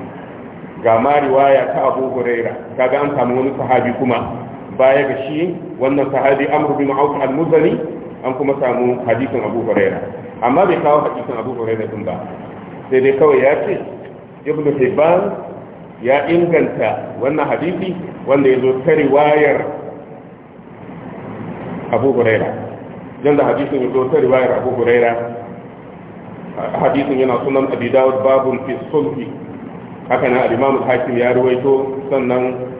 ga ma riwaya ta abu hurairah kaga an samu wani sahabi kuma baya ga shi wannan sahabi amru bi auf al-muzani an kuma samu hadisin abu huraira amma bai kawo hadisin abu huraira din ba sai dai kawai ya ce ibnu hibban ya inganta wannan hadisi wanda ya zo ta riwayar abu huraira yanda hadisin ya zo ta riwayar abu huraira hadisin yana sunan abi dawud babun fi sulhi haka nan al-imam al-hakim ya ruwaito sannan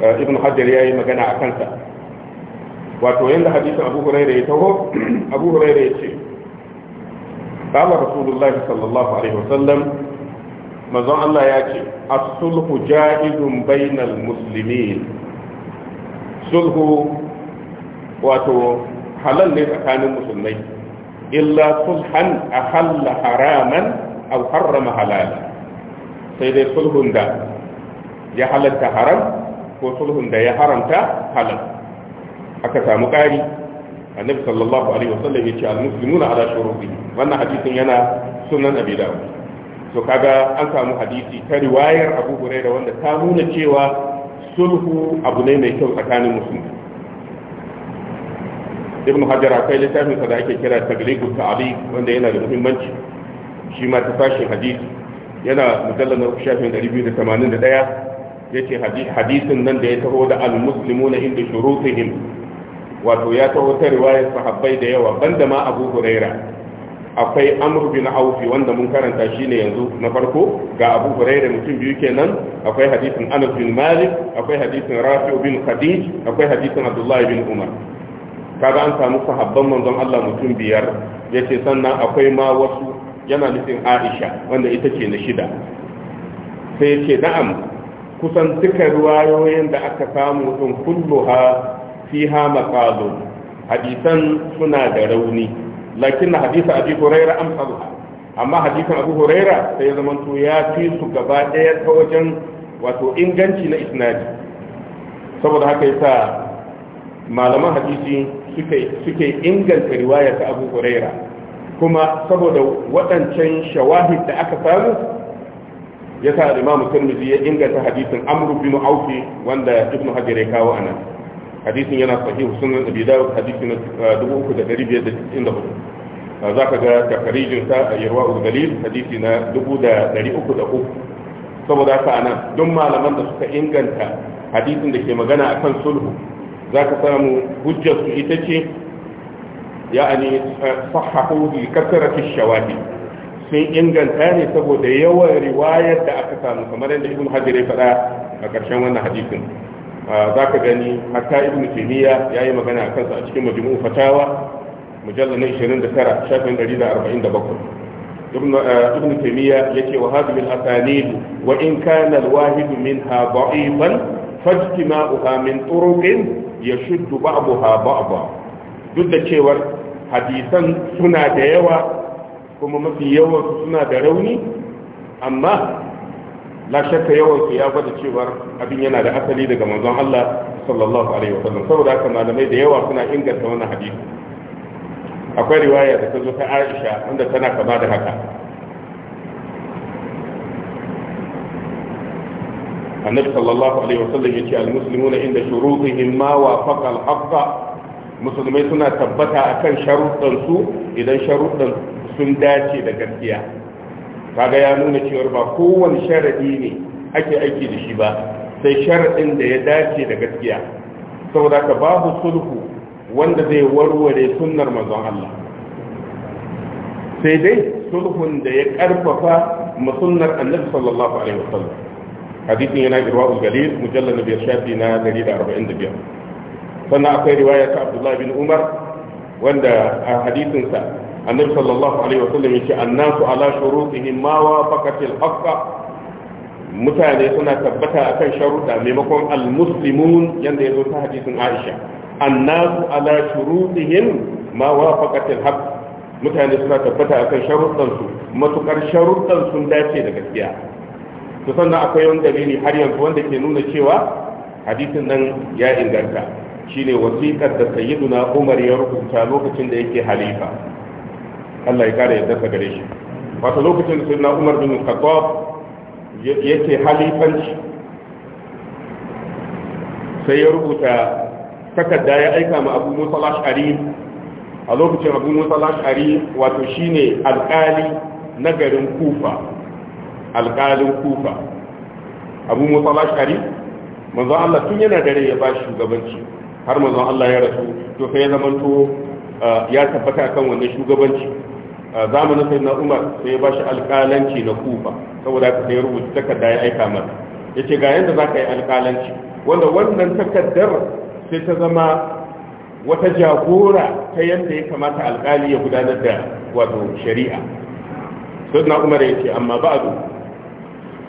ibn hajar ya yi magana a kansa wato yadda hadisin abu huraira ya taho abu huraira ya ce kama rasulullah sallallahu alaihi wasallam mazan allah ya ce a sulhu ja'izun bainal muslimin sulhu wato halal ne tsakanin musulmai illa sulhan ahalla haraman a harrama halala sai dai sulhun da ya halatta haram ko sulhun da ya haramta halal aka samu ƙari annabi sallallahu alaihi wasallam ya ce al-muslimuna ala shuruti wannan hadisin yana sunan abi dawud to kaga an samu hadisi ta riwayar abu hurairah wanda ta nuna cewa sulhu abu ne mai kyau tsakanin musulmi ibn hajar akai littafin sa da ake kira tagliqu ta'ali wanda yana da muhimmanci shi ma ta fashin hadisi yana mujallal na shafin 281 ya ce hadisin nan da ya taho da al-muslimu na inda shurutihim wato ya taho ta riwayar sahabbai da yawa banda ma abu huraira akwai amr bin aufi wanda mun karanta shi ne yanzu na farko ga abu huraira mutum biyu kenan akwai hadisin anas bin malik akwai hadisin rafi bin khadij akwai hadisin abdullahi bin umar kaga an samu sahabban manzon Allah mutum biyar yace sannan akwai ma wasu yana nufin Aisha wanda ita ce na shida sai yace na'am kusan duka ruwayoyin da aka samu ha fi ha maqalun hadisan suna da rauni lakin hadisa abi huraira an amsaluha amma hadisan abu huraira sai ya zama to ya fi su gaba daya ta wajen wato inganci na isnadi saboda haka yasa malaman hadisi suke inganta riwaya ta abu huraira kuma saboda waɗancan shawahid da aka samu yasa al-Imam Tirmidhi ya inganta hadisin amru bin Auf wanda Ibn Hajar ya kawo anan hadisin yana sahihu sunan Abi Dawud hadisin 3594 zaka ga takarijin sa a Yarwa'ul Galil hadisi na 3303 saboda haka anan duk malaman da suka inganta hadisin da ke magana akan sulhu zaka samu hujjar su ita ce ya'ani uh, sahahu bi kasrati shawahid sun inganta ne saboda yawan riwayar da aka samu kamar yadda ibn hajar ya faɗa a ƙarshen wannan hadisin za ka gani hatta ibn taymiya ya yi magana a kansa a cikin majmu'u fatawa mujalla na 29 shafin 147 ibn taymiya yake wa hadhihi al-asanid wa in kana al-wahid minha da'ifan fajtima'uha min turuqin yashuddu ba'daha ba'da duk da cewar hadisan suna da yawa kuma mafi yawansu suna da rauni amma la shakka yawansu ya gwada cewar abin yana da asali daga manzon Allah sallallahu alaihi wasallam saboda haka malamai da yawa suna inganta wannan hadisi akwai riwaya da ta zo ta Aisha wanda tana kama da haka annabi sallallahu alaihi wasallam yace almuslimuna inda shurutihim ma wafaqa alhaqqa musulmai suna tabbata akan sharuɗan su idan sharuɗan sun dace da gaskiya kaga ya nuna cewar ba kowane sharadi ne ake aiki da shi ba sai sharadin da ya dace da gaskiya saboda ka babu sulhu wanda zai warware sunnar manzon Allah sai dai sulhun da ya karfafa masunnar annabi sallallahu alaihi wasallam Hadithin yana irwaul galil mujallal nabi shafi na 145 sannan akwai riwaya ta Abdullahi bin Umar wanda a hadithinsa. annabi sallallahu alaihi wasallam yace annasu ala shurutihim ma wafaqatil haqqa mutane suna tabbata akan sharuda maimakon almuslimun yanda yazo ta hadisin Aisha annasu ala shurutihim ma wafaqatil haqq mutane suna tabbata akan sharuɗan su matukar sharuɗan sun dace da gaskiya to sannan akwai wani dalili har yanzu wanda ke nuna cewa hadisin nan ya inganta shine wasiƙar da sayyiduna Umar ya rubuta lokacin da yake halifa Allah ya kare yadda gare shi wato lokacin da sayyidina Umar bin Khattab yake halifanci sai ya rubuta takarda ya aika ma Abu Musa al-Ash'ari a lokacin Abu Musa al-Ash'ari wato shine alƙali na garin Kufa alƙalin Kufa Abu Musa al-Ash'ari manzo Allah tun yana dare ya ba shugabanci har manzo Allah ya rasu to sai ya zamanto uh, ya tabbata kan wannan shugabanci a zamanin sai na umar sai ya ba shi alƙalanci na kufa saboda haka sai rubuta takarda ya aika masa ya ce ga yadda za ka yi alƙalanci wanda wannan takardar sai ta zama wata jagora ta yadda ya kamata alƙali ya gudanar da wato shari'a sai na umar ya ce amma ba'adu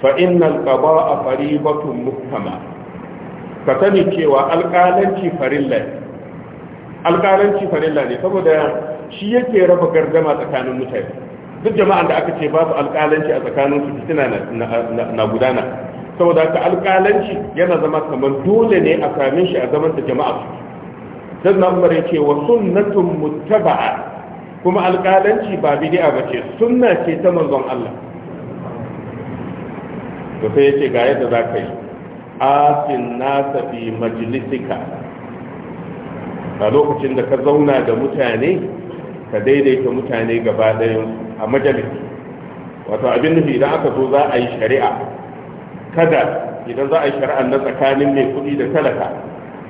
fa innal qada'a fariidatun muhtama ka sani cewa alƙalanci farilla alƙalanci farilla ne saboda shi yake raba gardama tsakanin mutane duk jama'an da aka ce babu alƙalanci a tsakanin su fitina na gudana saboda ka alƙalanci yana zama kamar dole ne a same shi a zaman da jama'a su dan na umar yake wa sunnatun muttaba'a kuma alƙalanci ba ba ce sunna ce ta manzon Allah to sai yace ga yadda za ka yi asin nasa fi majlisika a lokacin da ka zauna da mutane ka daidaita mutane gaba ɗayan a majalisi wato abin nufi idan aka zo za a yi shari'a kada idan za a yi shari'a na tsakanin mai kuɗi da talaka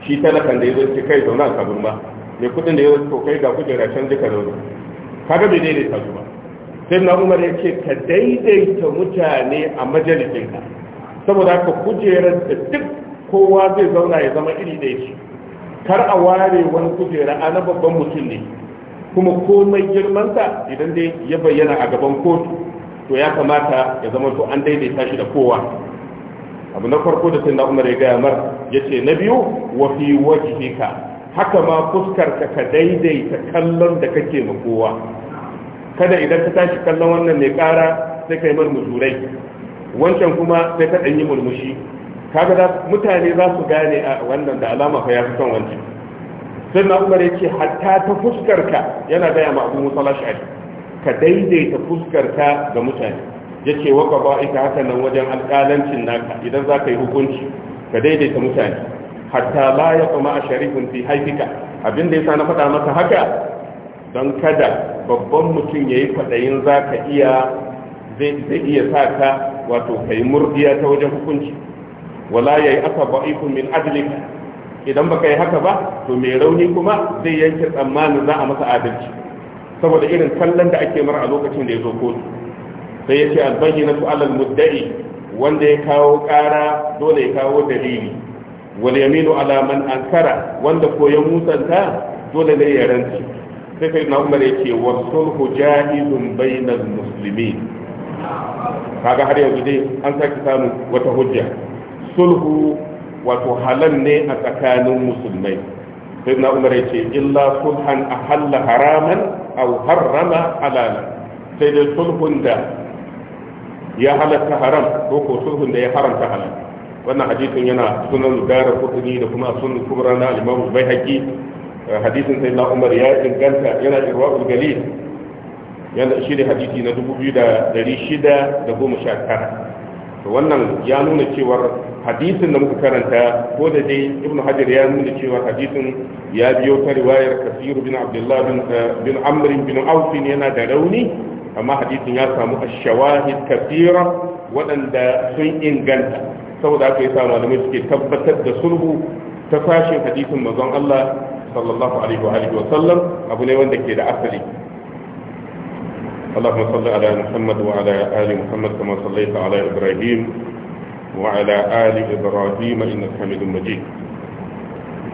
shi talakan da ya zo kai zauna a kabin ba mai kuɗin da ya zo kai ga kujera can duka zauna kaga bai daidaita su ba sai na umar ya ce ka daidaita mutane a majalisinka saboda ka kujerar da duk kowa zai zauna ya zama iri ɗaya ce kar a ware wani kujera a na babban mutum ne kuma komai girmansa idan dai ya bayyana a gaban kotu to ya kamata ya zama to an daidaita shi da kowa abu na farko da sai umar ya gaya mar ya ce na biyu wa fi wajhika haka ma fuskar ka ka daidaita kallon da kake ma kowa kada idan ka tashi kallon wannan mai kara sai kai mar musurai wancan kuma sai ka ɗanyi murmushi kaga mutane za su gane a wannan da alama fa ya fi son wancan sai na umar ya ce hatta ta fuskarka yana gaya ma abu musa lashari ka daidaita fuskarka ga mutane ya ce waka ba ita haka nan wajen alƙalancin naka idan za ka yi hukunci ka daidaita mutane hatta ba ya kuma a sharifin fi haifika abin da yasa na faɗa masa haka don kada babban mutum ya yi faɗayin za ka iya zai iya sa ka wato ka yi murdiya ta wajen hukunci wala ya yi aka ba'ifun min adalika. idan baka yi haka ba to mai rauni kuma zai yanke tsammanin za a masa adalci saboda irin kallon da ake mara a lokacin da ya zo kotu sai ya ce albayi na su'alar mudda'i wanda ya kawo ƙara dole ya kawo dalili Wani yaminu ala alaman ankara wanda ko ya musanta dole ne ya ranci sai kai na umar yake wa sulhu jaizun bainal musulmi kaga har yanzu dai an sake samu wata hujja sulhu wato halal ne a tsakanin musulmai sai na umar ya ce illa sulhan a halla haraman au harrama halalan sai dai sulhun da ya halatta haram ko ko sulhun da ya haramta halal wannan hadisin yana sunan gara kudini da kuma sunan kubra na alimamu bai haƙi eh, hadisin sai na umar ya inganta yana irwa ulgali yana shi da hadisi na 2619 wannan ya nuna cewar hadisin da muka karanta ko da dai ibn hajar ya nuna cewa hadisin ya biyo ta riwayar kafir bin abdullah eh, bin amr bin auf yana da rauni amma hadisin ya samu ash-shawahid waɗanda sun inganta saboda aka yi sa malamai suke tabbatar da sulhu ta fashin hadisin manzon Allah sallallahu alaihi wa alihi wa sallam abu ne wanda ke da asali اللهم صل على محمد وعلى آل محمد كما صليت على إبراهيم وعلى آل إبراهيم إنك حميد مجيد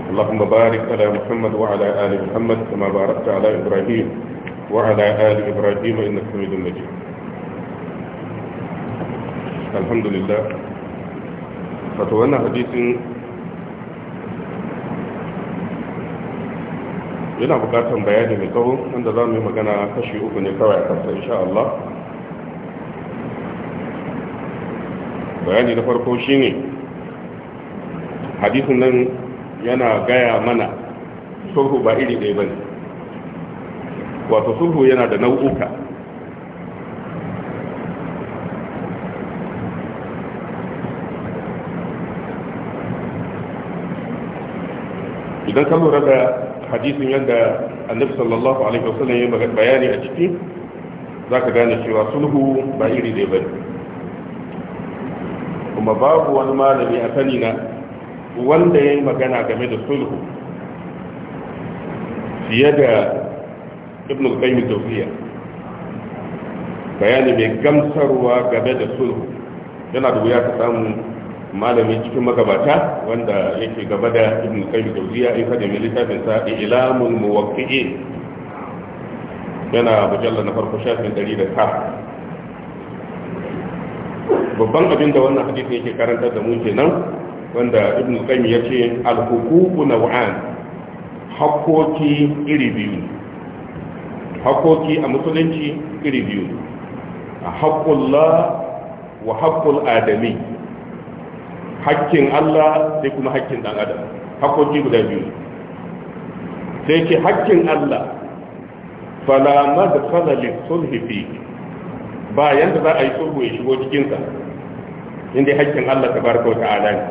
اللهم بارك على محمد وعلى آل محمد كما باركت على إبراهيم وعلى آل إبراهيم إنك حميد مجيد الحمد لله فتوانا حديث yana bukatan bayani mai tsawo wanda za mu yi magana kashi uku ne kawai a kansa insha Allah bayani na farko shine hadisin nan yana gaya mana sulhu ba iri ɗaya bane wato sulhu yana da nau'uka idan ka lura da hadisin yadda annabi sallallahu alaihi wasallam ya bayani a ciki zaka gane cewa sulhu ba iri ɗaya bane kuma babu wani malami a sani na wanda ya yi magana game da sulhu fiye da ibn qayyim tawfiya bayani mai gamsarwa game da sulhu yana da wuya ka samu malami cikin magabata wanda yake gaba da ibn qayyim tawfiya in kada mai littafin sa ilamul muwaqqi'in yana mujallal na farko shafin 109 babban abin da wannan hadisi yake karanta da mu kenan wanda ibn qayyim yace al-huququ naw'an hakoki iri biyu hakoki a musulunci iri biyu haqqullah wa haqqul adami hakkin Allah sai kuma hakkin dan adam hakoki guda biyu sai ke hakkin Allah fala madkhala lis sulh fi ba yanda za a yi sulhu ya shigo cikinsa inda haƙƙin Allah ta wata ala ne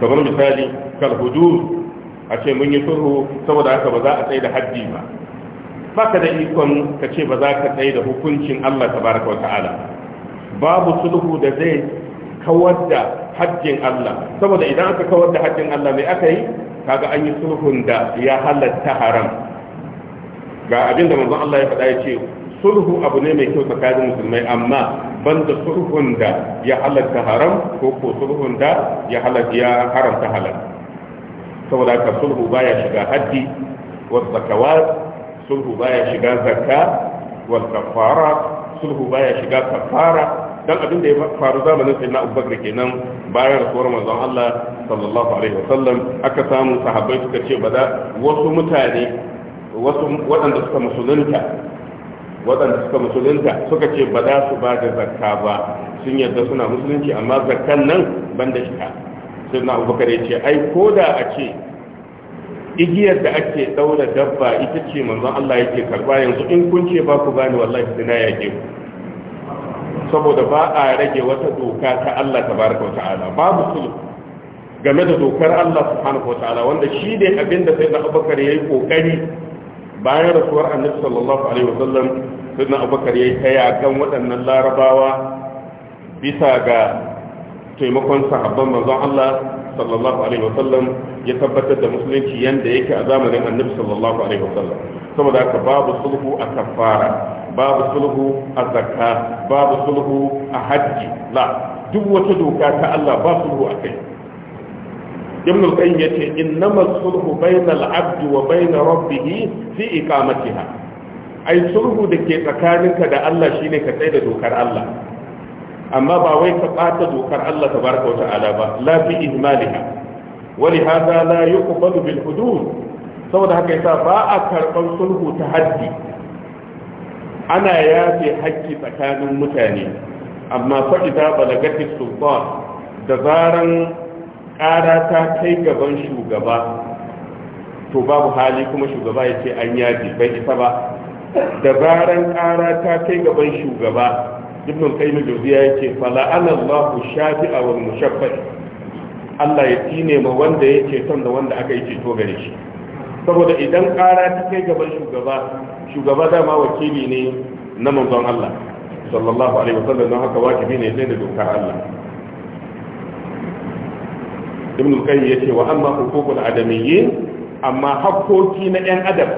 kamar misali kal hudud a ce mun yi sulhu saboda haka ba za a tsaye da haddi ba ba ka da ikon ka ce ba za ka tsaye da hukuncin Allah ta wata ala. babu sulhu da zai kawar da haddin Allah saboda idan aka kawar da haddin Allah mai aka yi kaga an yi sulhun da ya halatta haram ga abin da manzon Allah ya faɗa ya ce sulhu abu ne mai kyau tsakanin musulmai amma ban da sulhun da ya halatta haram ko ko sulhun da ya halatta ya haramta halal saboda haka sulhu baya shiga haddi wal zakawat sulhu baya shiga zakka wal kafara sulhu baya shiga kafara dan abin da ya faru zamanin sai na Abubakar kenan bayan rasuwar manzon Allah sallallahu alaihi wasallam aka samu sahabbai suka ce ba za wasu mutane wasu waɗanda suka musulunta waɗanda suka musulunta suka ce ba za su ba da zakka ba sun yadda suna musulunci amma zakkan nan ban da shika sai na abubakar ya ce ai ko da a ce igiyar da ake ɗaura dabba ita ce manzon Allah yake karba yanzu in kun ce ba ku bani wallahi zina na ke saboda ba a rage wata doka ta Allah tabaraka wa ta'ala babu sulh game da dokar Allah subhanahu wa ta'ala wanda shi ne abinda sai na abubakar yayi kokari bayan rasuwar annabi sallallahu alaihi wasallam sunna abubakar yayi taya kan waɗannan larabawa bisa ga taimakon sahabban manzon Allah sallallahu alaihi sallam ya tabbatar da musulunci yanda yake a zamanin annabi sallallahu alaihi sallam. saboda haka babu sulhu a kafara babu sulhu a zakka babu sulhu a hajji la duk wata doka ta Allah ba sulhu a kai ibn al-qayyim yace innama sulhu bainal abdi wa bain rabbih fi iqamatiha ai sulhu da ke tsakaninka da Allah shine ka tsaya da dokar Allah amma ba wai ka bata dokar Allah tabaraka wa ta'ala ba la fi ihmaliha wa li hadha la saboda haka yasa ba a karban sulhu ta haddi ana yafe hakki tsakanin mutane amma fa idza balagati sultan da zaran ƙara ta kai gaban shugaba to babu hali kuma shugaba ya ce an yaji bai isa ba dabaran ƙara ta kai gaban shugaba ibn qayyim jawziya yake fala ana Allahu shafi'a wal Allah ya tine ma wanda yake son da wanda aka yi ceto gare shi saboda idan ƙara ta kai gaban shugaba shugaba dama wakili ne na manzon Allah sallallahu alaihi wasallam don haka wajibi ne sai da dokar Allah ibn al-qayyim yace wa amma huququl adamiyyin amma hakkoki na yan adam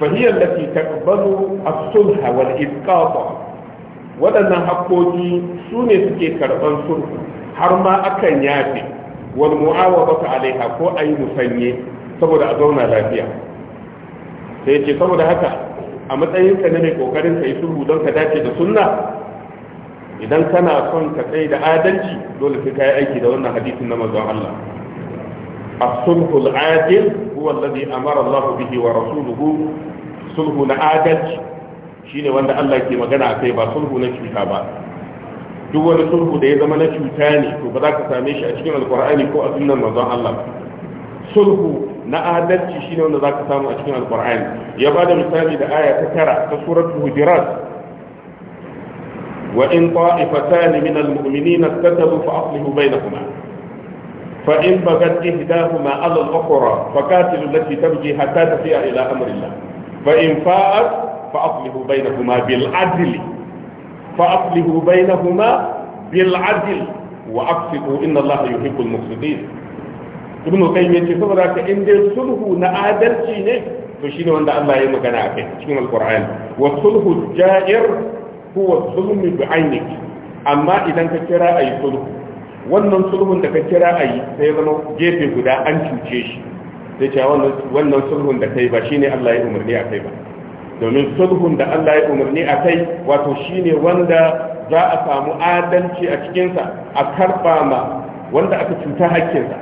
fa hiya allati taqbalu as-sulh wal isqat wadannan hakkoki su ne suke karban sulhu har ma akan yafe wal mu'awadatu alaiha ko ayi musanye saboda a zauna lafiya sai yace saboda haka a matsayinka na mai kokarin kai sulhu don ka dace da sunna idan kana son ka tsaye da adalci dole sai kai aiki da wannan hadisin na manzon Allah as-sulhul adil huwa alladhi amara Allah bihi wa rasuluhu sulhu na adalci shine wanda Allah ke magana kai ba sulhu na cuta ba duk wani sulhu da ya zama na cuta ne to ba za ka same shi a cikin alqur'ani ko a sunnar manzon Allah sulhu na adalci shine wanda za ka samu a cikin alqur'ani ya ba da misali da aya ta tara ta suratul hujurat وإن طائفتان من المؤمنين اقتتلوا فأصلحوا بينهما فإن بغت إهداهما على الأخرى فكاتل التي تبغي حتى تفيء إلى أمر الله فإن فاءت فأصلحوا بينهما بالعدل فأصلحوا بينهما بالعدل وأقسطوا إن الله يحب المفسدين ابن القيم يقول لك إن in dai sulhu فشينه عند الله يمكن shine wanda القرآن ya الجائر huwa sulhu bi ainiki amma idan ka kira ayi sulhu wannan sulhun da ka kira ayi sai zama gefe guda an cuce shi sai ce wannan sulhun da kai ba shine Allah ya umarni a kai ba domin sulhun da Allah ya umarni a kai wato shine wanda za a samu adalci a cikinsa a karba ma wanda aka cuta hakkinsa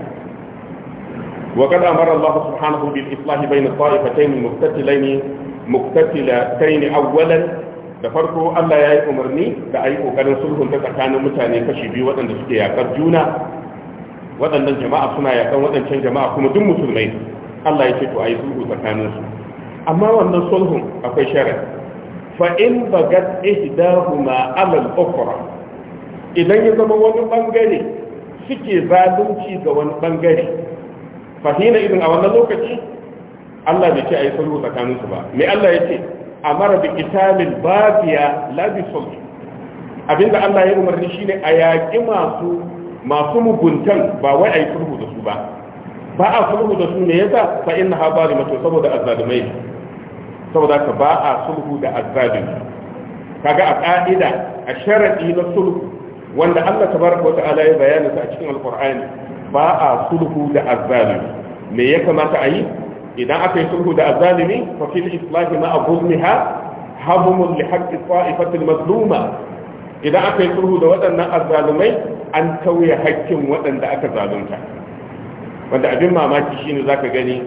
وقد أمر الله سبحانه بالإصلاح بين الطائفتين المقتتلين مقتتلتين أولا da farko Allah ya yi umarni da a yi ƙoƙarin sulhun ta tsakanin mutane kashi biyu waɗanda suke yaƙar juna waɗannan jama'a suna yaƙan waɗancan jama'a kuma duk musulmai Allah ya ce to a yi sulhu tsakaninsu amma wannan sulhun akwai shari'a fa in ba bagat ihdahuma alal ukhra idan ya zama wani bangare suke zalunci ga wani bangare fahina idan a wannan lokaci Allah bai ce a yi sulhu tsakaninsu ba me Allah ya ce amara bi qitalil babiya la abinda Allah ya umarni shine a yaƙi masu masu muguntan ba wai ayi sulhu da su ba ba a sulhu da su ne yasa fa inna ha mace saboda azzalumai saboda ka ba a sulhu da azzalumi kaga a ka'ida a sharadi na sulhu wanda Allah tabaraka wa ya bayyana a cikin alqur'ani ba a sulhu da azzalumi me ya kamata a yi idan aka yi sulhu da azalimi fa fil islahi ma abuzmiha habumun li haqqi ta'ifatil mazluma idan aka yi sulhu da waɗannan azzalumai an tauye haƙƙin waɗanda aka zalunta wanda abin mamaki shine zaka gani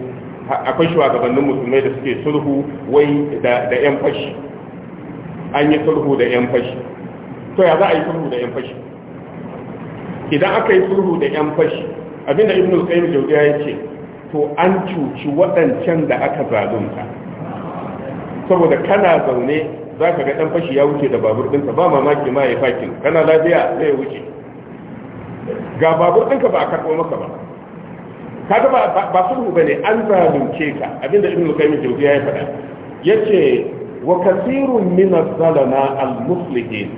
akwai shugabannin musulmai da suke sulhu wai da yan fashi an yi sulhu da yan fashi to ya za a yi sulhu da yan fashi idan aka yi sulhu da yan fashi abinda ibnu qayyim jawziya yace to an cuci waɗancan da aka zalunta saboda kana zaune za ka ga ɗan fashi ya wuce da babur ɗinka ba mamaki ma ya fakin kana lafiya zai wuce ga babur ɗinka ba a karɓo maka ba kada ba ba ne, bane an zalunce ka abinda ibnu qayyim jawziya ya faɗa ce wa kasirun min az al-muslihin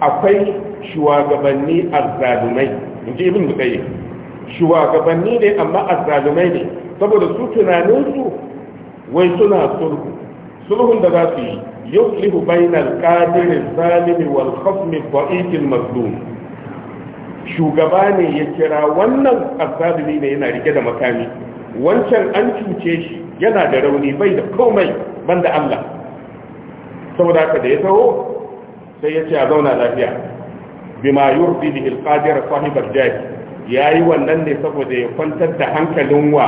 akwai shugabanni az-zalimai ji ibnu qayyim shugabanni ne amma azzalumai ne saboda su tunaninsu wai suna sulhu sulhun da za su yi yuslihu bainal qadir zalimi wal khasm dha'if mazlum shugaba ne ya kira wannan azzalumi ne yana rike da makami wancan an cuce shi yana da rauni bai da komai banda Allah saboda haka da ya taho sai ya ce a zauna lafiya bima yurdi bihi al qadir sahib al jadi ya yi wannan ne saboda ya kwantar da hankalin wa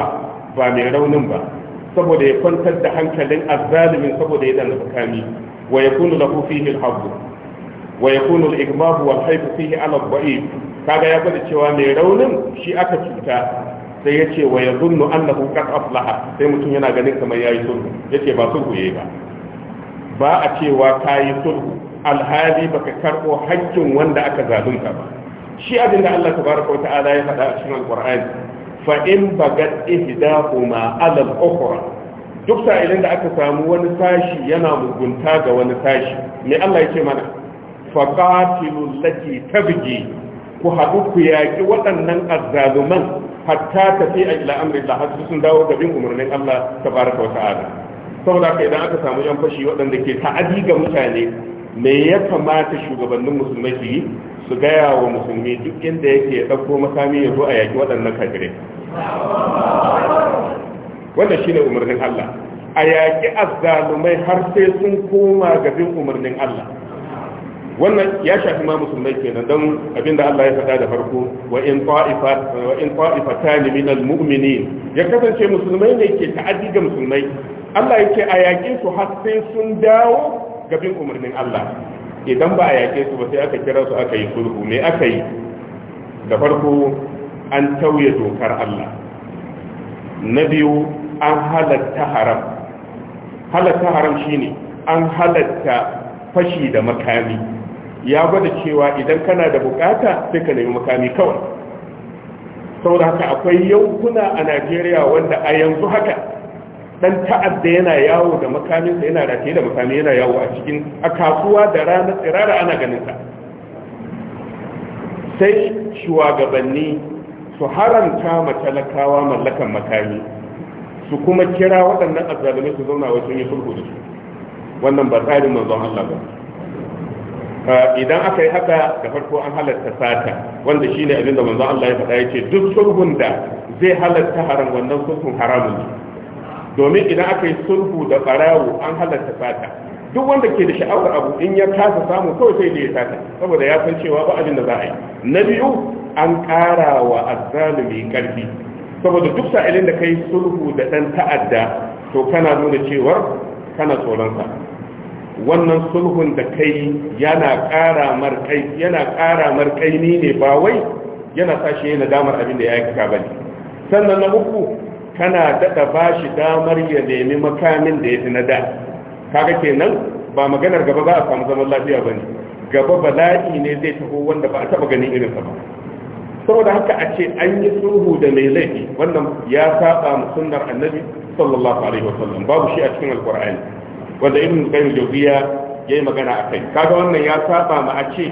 ba mai raunin ba saboda ya kwantar da hankalin azzalimin saboda ya dana bukami wa ya kunu lahu fihi al-habbu wa ya kunu al-igmabu wal haifu fihi ala ba'i? kaga ya gwada cewa mai raunin shi aka cuta sai ya ce wa ya zunnu annahu qad aflaha sai mutum yana ganin kamar yayi sulhu yace ba sulhu yayi ba ba a cewa kayi sulhu alhali baka karbo hakkin wanda aka zalunta ba shi abin da Allah tabaraka wa ta'ala ya faɗa a cikin alqur'ani fa in bagat ihdahuma ala al-ukhra duk sa'ilin da aka samu wani sashi yana mugunta ga wani sashi me Allah yake mana fa qatilu lati tabghi ku haɗu ku yaƙi waɗannan azzaluman hatta tafi a ila amri da hasu sun dawo ga bin umarnin Allah tabaraka wa ta'ala saboda haka idan aka samu yan fashi waɗanda ke ta'adi ga mutane me ya kamata shugabannin musulmai su yi su gaya wa musulmi duk inda yake ya ɗauko makami ya zo a yaki waɗannan kafirai wannan ne umarnin Allah a yaki azzalumai har sai sun koma ga bin umarnin Allah wannan ya shafi ma musulmai kenan don abinda Allah ya faɗa da farko wa in ta'ifa wa in al min ya kasance musulmai ne ke ta'addi ga musulmai Allah yake a yaƙin su har sai sun dawo gabin umarnin Allah idan ba a yaƙe su ba sai aka kira su aka yi sulhu me aka yi da farko an tauye dokar Allah na biyu an halatta haram halatta haram shine an halatta fashi da makami ya gwada cewa idan kana da bukata sai ka nemi makami kawai sau da haka akwai yankuna a Najeriya wanda a yanzu haka dan ta'adda yana yawo da makamin yana rataye da makami yana yawo a cikin a kasuwa da rana tsirara ana ganin sa sai shugabanni su haramta matalakawa talakawa mallakan makami su kuma kira waɗannan azzalumai su zauna wajen yi sulhu da su wannan ba tsarin manzon Allah ba idan aka yi haka da farko an halatta sata wanda shine abinda manzon Allah ya faɗa ya duk sulhun da zai halatta haram wannan sulhun haramun ne domin idan aka yi sulhu da barawo an halarta fata duk wanda ke da sha'awar abu in ya kasa samu kawai sai da ya sata saboda ya san cewa ba abin da za a yi na biyu an ƙara wa azzalumi karfi saboda duk sa'ilin da kai sulhu da ɗan ta'adda to kana nuna cewar kana tsoronsa wannan sulhun da kai yana ƙara kai, yana mar markaini ne ba wai yana sa shi yana damar abin da ya aikata ba ne sannan na uku kana daɗa ba shi damar ya nemi makamin da ya fi na da kaga kenan ba maganar gaba ba a samu zaman lafiya ba ne gaba bala'i ne zai taho wanda ba a taɓa ganin irinsa ba saboda haka a ce an yi sulhu da mai laifi wannan ya saba mu sunnar annabi sallallahu alaihi wa sallam, babu shi a cikin alqur'ani wanda ibn qayyim jawziya yayi magana akai kaga wannan ya saba mu a ce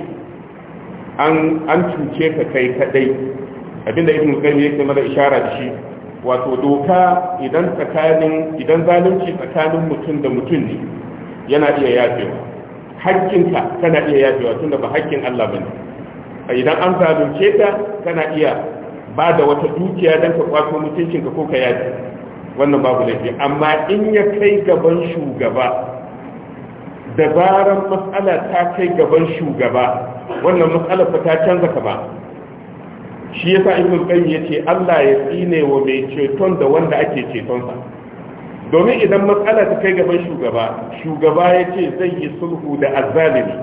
an an cuce ka kai kadai abinda ibn qayyim yake mana ishara da shi wato doka idan tsakanin idan zalunci tsakanin mutum da mutum ne yana iya yafewa hakkinka kana iya yafewa da ba hakkin Allah bane idan an zalunce ka kana iya ba da wata dukiya dan ka kwato mutuncinka ko ka yafe wannan babu laifi amma in ya kai gaban shugaba dabaran matsala ta kai gaban shugaba wannan matsalar ta canza ka ba shi yasa ibn qayyim yace Allah ya tsine wa mai ceton da wanda ake ceton sa domin idan matsala ta kai gaban shugaba shugaba yace zai yi sulhu da azzalimi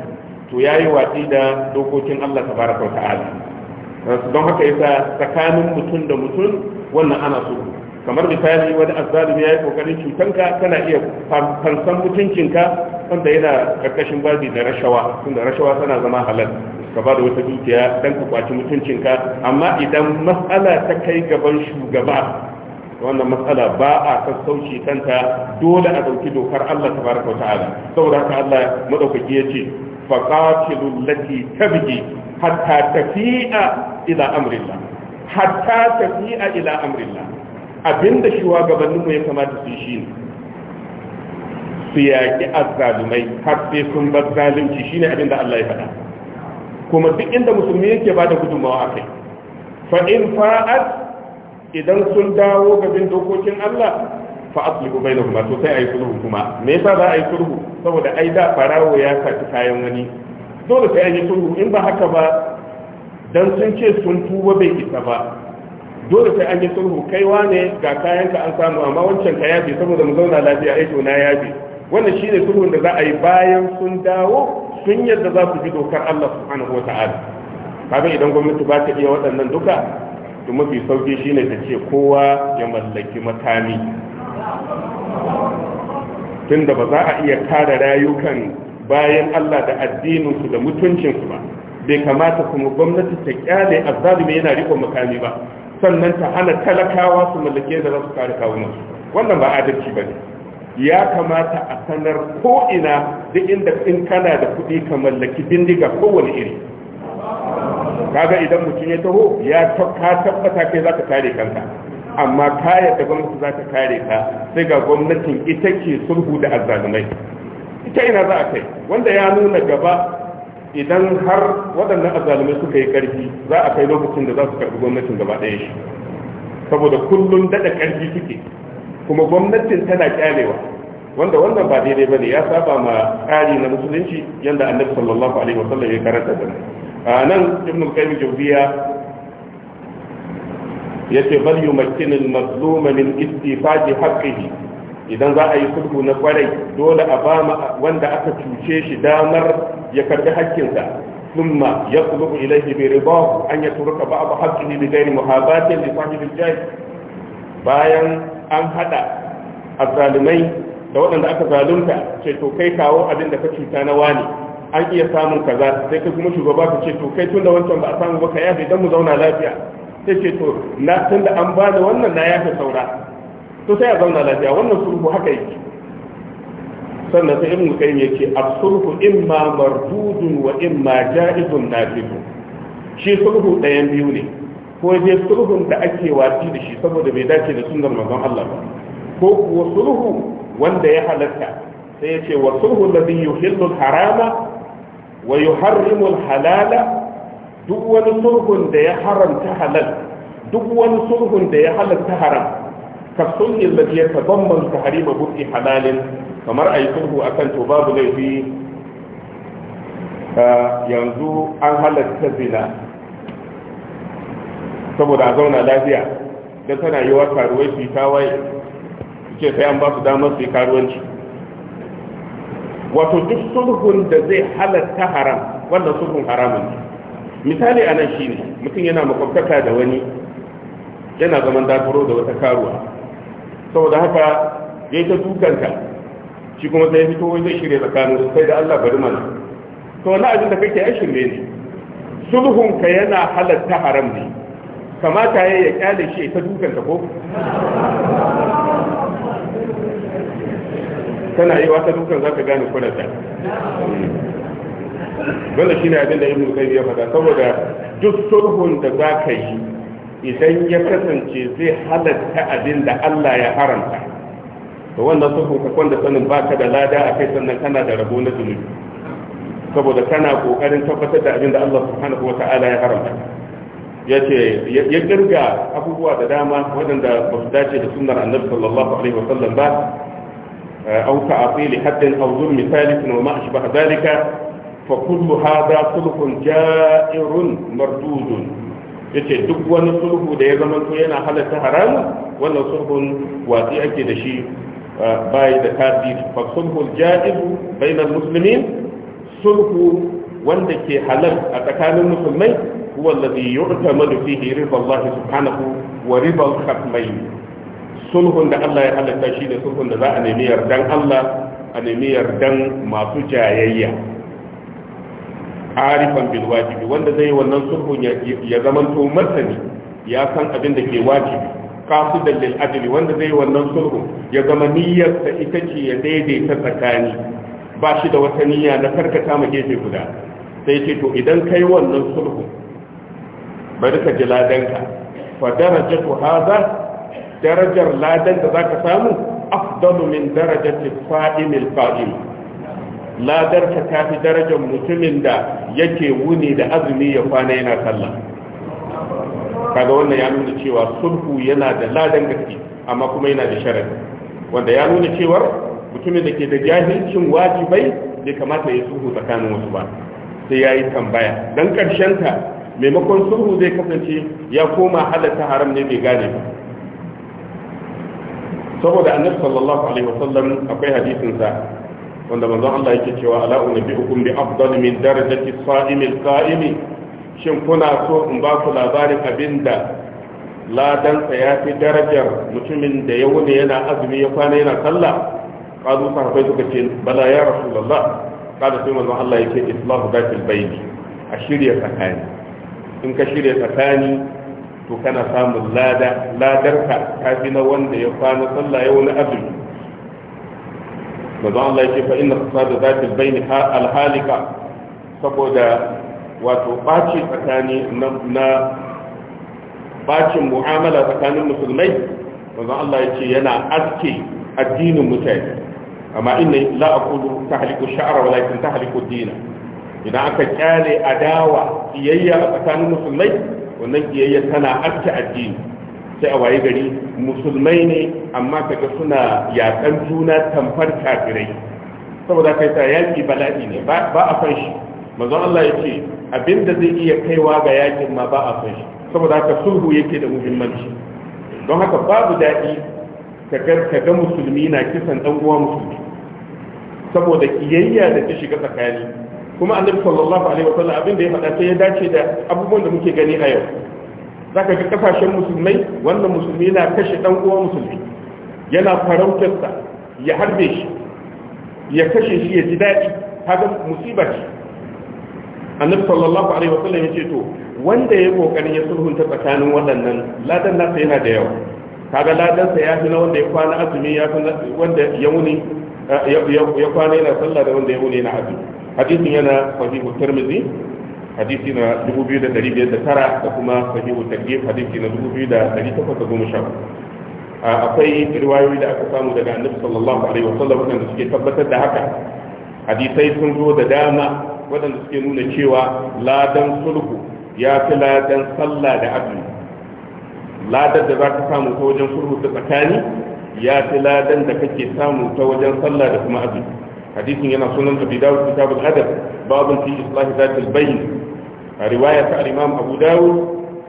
to yayi watsi da dokokin Allah tabaraka ta'ala don haka yasa tsakanin mutum da mutum wannan ana sulhu kamar misali wani azzalimi yayi kokarin cutanka kana iya fansan mutuncinka wanda yana karkashin babi da rashawa tunda rashawa tana zama halal ka ba da wata dukiya dan ka kwaci mutuncinka amma idan matsala ta kai gaban shugaba wannan matsala ba a sassauci kanta dole a dauki dokar Allah tabaraka wa ta'ala saboda haka Allah madaukaki yace faqatilu allati tabghi hatta tafi'a ila amrillah hatta tafi'a ila amrillah abinda shugabanninmu ya kamata su yi shine su yaƙi azzalumai har sai sun bar zalunci shine abinda Allah ya faɗa kuma duk inda musulmi yake ba da gudunmawa a kai fa in fa'at idan sun dawo ga bin dokokin Allah fa aslihu bainahuma to sai ayi sulhu kuma me yasa za a yi sulhu saboda ai da farawo ya saki kayan wani dole sai an yi sulhu in ba haka ba dan sun ce sun tuba bai isa ba dole sai an yi sulhu kaiwa ne ga kayanka an samu amma wancan ka yabe saboda mu zauna lafiya ai eh, to na yabe wannan shine duhun da za a yi bayan sun dawo sun yadda za su ji dokar Allah subhanahu wata'ala kaga idan gwamnati ba ta iya waɗannan duka to mafi sauki shine ta ce kowa ya mallaki makami tunda ba za a iya kare rayukan bayan Allah da addininsu da mutuncinsu ba bai kamata kuma gwamnati ta kyale azzalimi yana riko makami ba sannan ta hana talakawa su mallake da za su kare kawunansu wannan ba adalci ba ne ya kamata a sanar ko ina duk inda in kana da kuɗi ka mallaki bindiga kowane iri kaga idan mutum ya taho ya ka tabbata kai za ka kare kanka amma kaya da gwamnati za ta kare ka sai ga gwamnatin ita ke sulhu da azzalumai ita ina za a kai wanda ya nuna gaba idan har waɗannan azzalumai suka yi ƙarfi za a kai lokacin da za su karɓi gwamnatin gaba ɗaya shi saboda kullum daɗa ƙarfi suke kuma gwamnatin tana kyalewa wanda wannan ba daidai bane ya saba ma tsari na musulunci yanda annabi sallallahu alaihi sallam ya karanta da a nan ibn al-qayyim jawziya yace bal yumakkinu al-mazluma min istifadi haqqihi idan za a yi sulhu na kwarai dole a ba wanda aka cuce shi damar ya karbi haƙƙinsa ثم يطلب إليه برضاه أن يترك بعض muhabatin بغير محاباة لصاحب الجاه bayan an hada azzalumai da waɗanda aka zalunta ce to kai kawo abin da ka cuta na wani an iya samun kaza sai kai kuma shugaba ka ce to kai tunda wancan ba a samu ba ka yafe dan mu zauna lafiya sai ce to na tunda an bani wannan na yafe saura to sai a zauna lafiya wannan sulhu haka yake sannan sai ibnu qayyim yake as imma mardudun wa imma ja'izun nafidun shi sulhu ɗayan biyu ne ko dai sulhun da ake wati da shi saboda bai dace da sunnar manzon Allah ba ko kuwa sulhu wanda ya halatta sai ya ce wa sulhu alladhi yuhillu harama wa yuharrimu halala duk wani sulhun da ya haramta halal duk wani sulhun da ya halatta haram ka sulhi alladhi yatadamman tahrima bu'i halalin kamar ayi sulhu akan to babu laifi yanzu an halatta zina saboda a zauna lafiya da tana yi wa karuwai su yi kawai su ce sai an ba su damar su yi karuwanci wato duk sulhun da zai halatta haram wannan sulhun haramun ne misali a nan shi ne mutum yana makwabtaka da wani yana zaman dakaro da wata karuwa saboda haka ya yi ta dukanta shi kuma sai fito wai zai shirya tsakanin sai da allah bari mana to wani abin da kake ya shirye ne sulhunka yana halatta haram ne kamata ya yi kyale shi ta dukan ta ko tana yi wata dukan za ka gane kunanta wanda shi ne abin da ibn kai ya faɗa saboda duk sulhun da za ka yi idan ya kasance zai halatta abin da Allah ya haramta to wannan sulhun ka kwanda sanin baka da lada a kai sannan kana da rabo na zunubi saboda kana kokarin tabbatar da abin da Allah subhanahu wa ta'ala ya haramta ce ya girga abubuwa da dama waɗanda ba su dace da sunnar annabi sallallahu alaihi wasallam ba eh, au ta'til haddin aw zulm wa ma ashbaha fa kullu hadha sulhun ja'irun mardudun yace duk wani sulhu da ya zama to yana halatta haram wannan sulhun watsi ake da shi eh, bai da tasiri fa sulhul ja'iz bainal muslimin sulhu wanda ke halal a tsakanin musulmai هو الذي يعتمد فيه رضا الله سبحانه ورضا الختمين صلح ده الله يحل تشيد صلح ده ذا أنمي يردن الله أنمي يردن ما تجايي عارفا بالواجب وان زي وان صلح يزمن تومتني يا سن أبن دكي واجب قاصدا للعدل وان زي وان صلح يزمنية تأتي يديدي تتكاني باشد وثنية نفرك تام جيسي guda sai ce to idan kai wannan sulhu bari ka ji ladanka fa darajatu hada darajar ladan da zaka samu afdalu min darajati fa'imil fa'im ladar ka fi darajar mutumin da yake wuni da azumi ya kwana yana sallah kaga wannan ya nuna cewa sulhu yana da ladan gaske amma kuma yana da sharadi wanda ya nuna cewa mutumin da ke da jahilcin wajibai bai kamata ya sulhu tsakanin wasu ba sai ya yi tambaya don ka. maimakon sulhu zai kasance ya koma halatta haram ne bai gane ba saboda annabi sallallahu alaihi wasallam akwai hadisin sa wanda manzon Allah yake cewa ala unabbiukum bi afdal min darajati as-sa'im al-qa'im shin kuna so in ba ku labarin abinda ladan sa ya fi darajar mutumin da ya wuni yana azumi ya kwana yana sallah qalu sahabbai suka ce bala ya rasulullah kada sai manzon Allah yake islahu dakil bayni a shirya tsakani in ka shirya tsakani to kana samun lada ladarka ta fi na wanda ya kwana sallah ya wani azumi manzo Allah yake fa inna fasada zatil bayni alhalika saboda wato baci tsakani na bacin mu'amala tsakanin musulmai manzo Allah yake yana aske addinin mutane amma inna la aqulu tahliku sha'ra walakin tahliku dinan idan aka kyale adawa kiyayya a tsakanin musulmai wannan kiyayya tana arta addini sai a waye gari musulmai ne amma kaga suna yakan juna tamfar kafirai saboda kai ta yaki bala'i ne ba a san shi manzon Allah yace abinda zai iya kaiwa ga yakin ma ba a san shi saboda haka sulhu yake da muhimmanci don haka babu daɗi ka ga musulmi na kisan ɗan uwa musulmi saboda kiyayya da ta shiga tsakani kuma annabi sallallahu alaihi wasallam abin da ya faɗa sai ya dace da abubuwan da muke gani a yau zaka ga kafashen musulmai wannan musulmi na kashe dan uwa musulmi yana farautarsa ya harbe shi ya kashe shi ya ji daɗi kaga musiba ce annabi sallallahu alaihi wasallam ya ce to wanda ya kokarin ya sulhunta tsakanin waɗannan ladan nasa yana da yawa kaga ladansa ya fi na wanda ya kwana azumi ya fi wanda ya wuni ya kwana yana sallah da wanda ya wuni yana azumi hadisin yana sahihu tirmidhi hadisi na 2509 da kuma sahihu targhib hadisi na 2810 akwai riwayoyi da aka samu daga annabi sallallahu alaihi wasallam wanda suke tabbatar da haka hadisai sun zo da dama waɗanda suke nuna cewa ladan sulhu ya fi ladan sallah da azumi ladan da za ka samu ta wajen sulhu ta tsakani ya fi ladan da kake samu ta wajen sallah da kuma azumi hadisin yana sunan abi dawud kitabul adab babun fi islah zatil bayn a riwaya ta al-imam abu dawud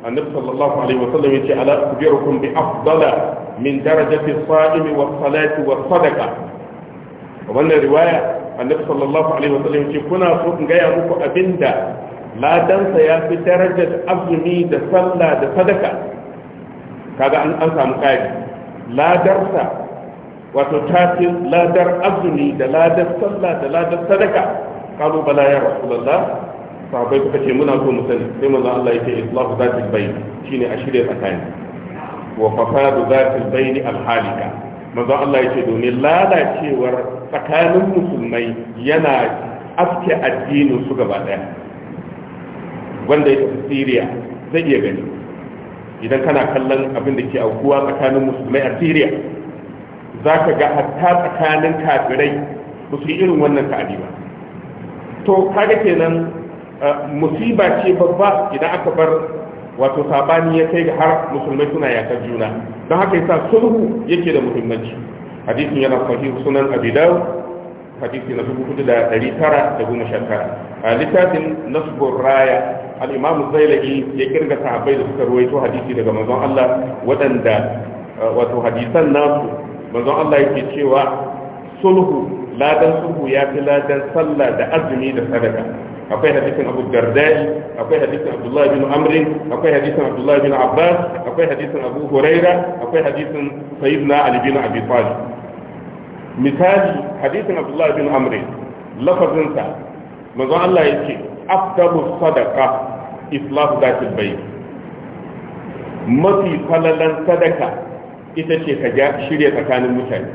annabi sallallahu alaihi wa sallam yace ala akbirukum bi afdala min darajati as-sa'imi was-salati was-sadaqa wannan riwaya annabi sallallahu alaihi wa sallam yace kuna so in ga muku abinda ladansa ya fi darajar azumi da sallah da sadaka kaga an samu kai ladarsa wato tafin ladar azumi da ladar sallah da ladar sadaka kalu bala ya rasulullah sahabbai suka ce muna so mu sani sai manzo Allah yake islahu zatil bayn shine a shirye tsakani wa fasadu zatil bayn al halika manzo Allah yake domin lalacewar tsakanin musulmai yana afke addinin su gaba daya wanda ya tafi Syria zai iya gani idan kana kallon abin da ke aukuwa tsakanin musulmai a Syria za ka ga hatta tsakanin kafirai ba su yi irin wannan ta'adi ba to kaga kenan eh, musiba ce babba idan aka bar wato sabani ya kai ga har musulmai suna yakar juna don haka yasa sulhu yake da muhimmanci hadisin yana sahih sunan abi dawud hadisi na 4919 a littafin nasbur raya al-imam ya kirga sahabbai da suka ruwaito hadisi daga manzon Allah waɗanda eh, wato hadisan nasu manzon Allah yake cewa sulhu ladan sulhu ya fi ladan sallah da azumi da sadaka akwai hadisin Abu Dardai akwai hadisin Abdullah bin Amri, akwai hadisin Abdullah bin Abbas akwai hadisin Abu Huraira akwai hadisin Sayyidina Ali bin Abi Talib misali hadisin Abdullah bin Amr lafazinsa manzon Allah yake afdalu sadaqa islahu dhatil bayt mafi falalan sadaka ita ce ka shirya tsakanin mutane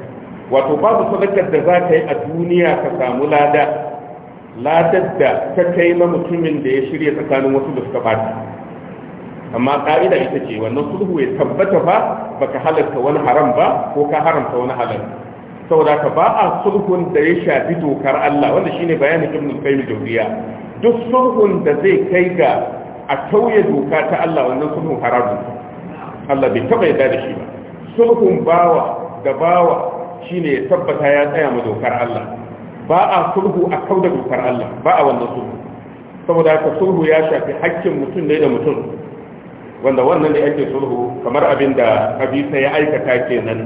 wato babu sadakar da za ka yi a duniya ka samu lada ladar da ta kai ma mutumin da ya shirya tsakanin wasu da suka bata amma ƙa'ida ita ce wannan sulhu ya tabbata ba baka halarta wani haram ba ko ka haramta wani halal saboda ka ba a sulhun da ya shafi dokar Allah wanda shine bayanin Ibn Qayyim Jawziya duk sulhun da zai kai ga a tauye doka ta Allah wannan sulhun haramun Allah bai taba yarda da shi ba sulhun bawa da bawa shine ya tabbata ya tsaya ma dokar Allah ba a sulhu a kau da dokar Allah ba a wannan sulhu saboda haka sulhu ya shafi hakkin mutum ne da mutum wanda wannan ne ake sulhu kamar abin da abisa ya aikata kenan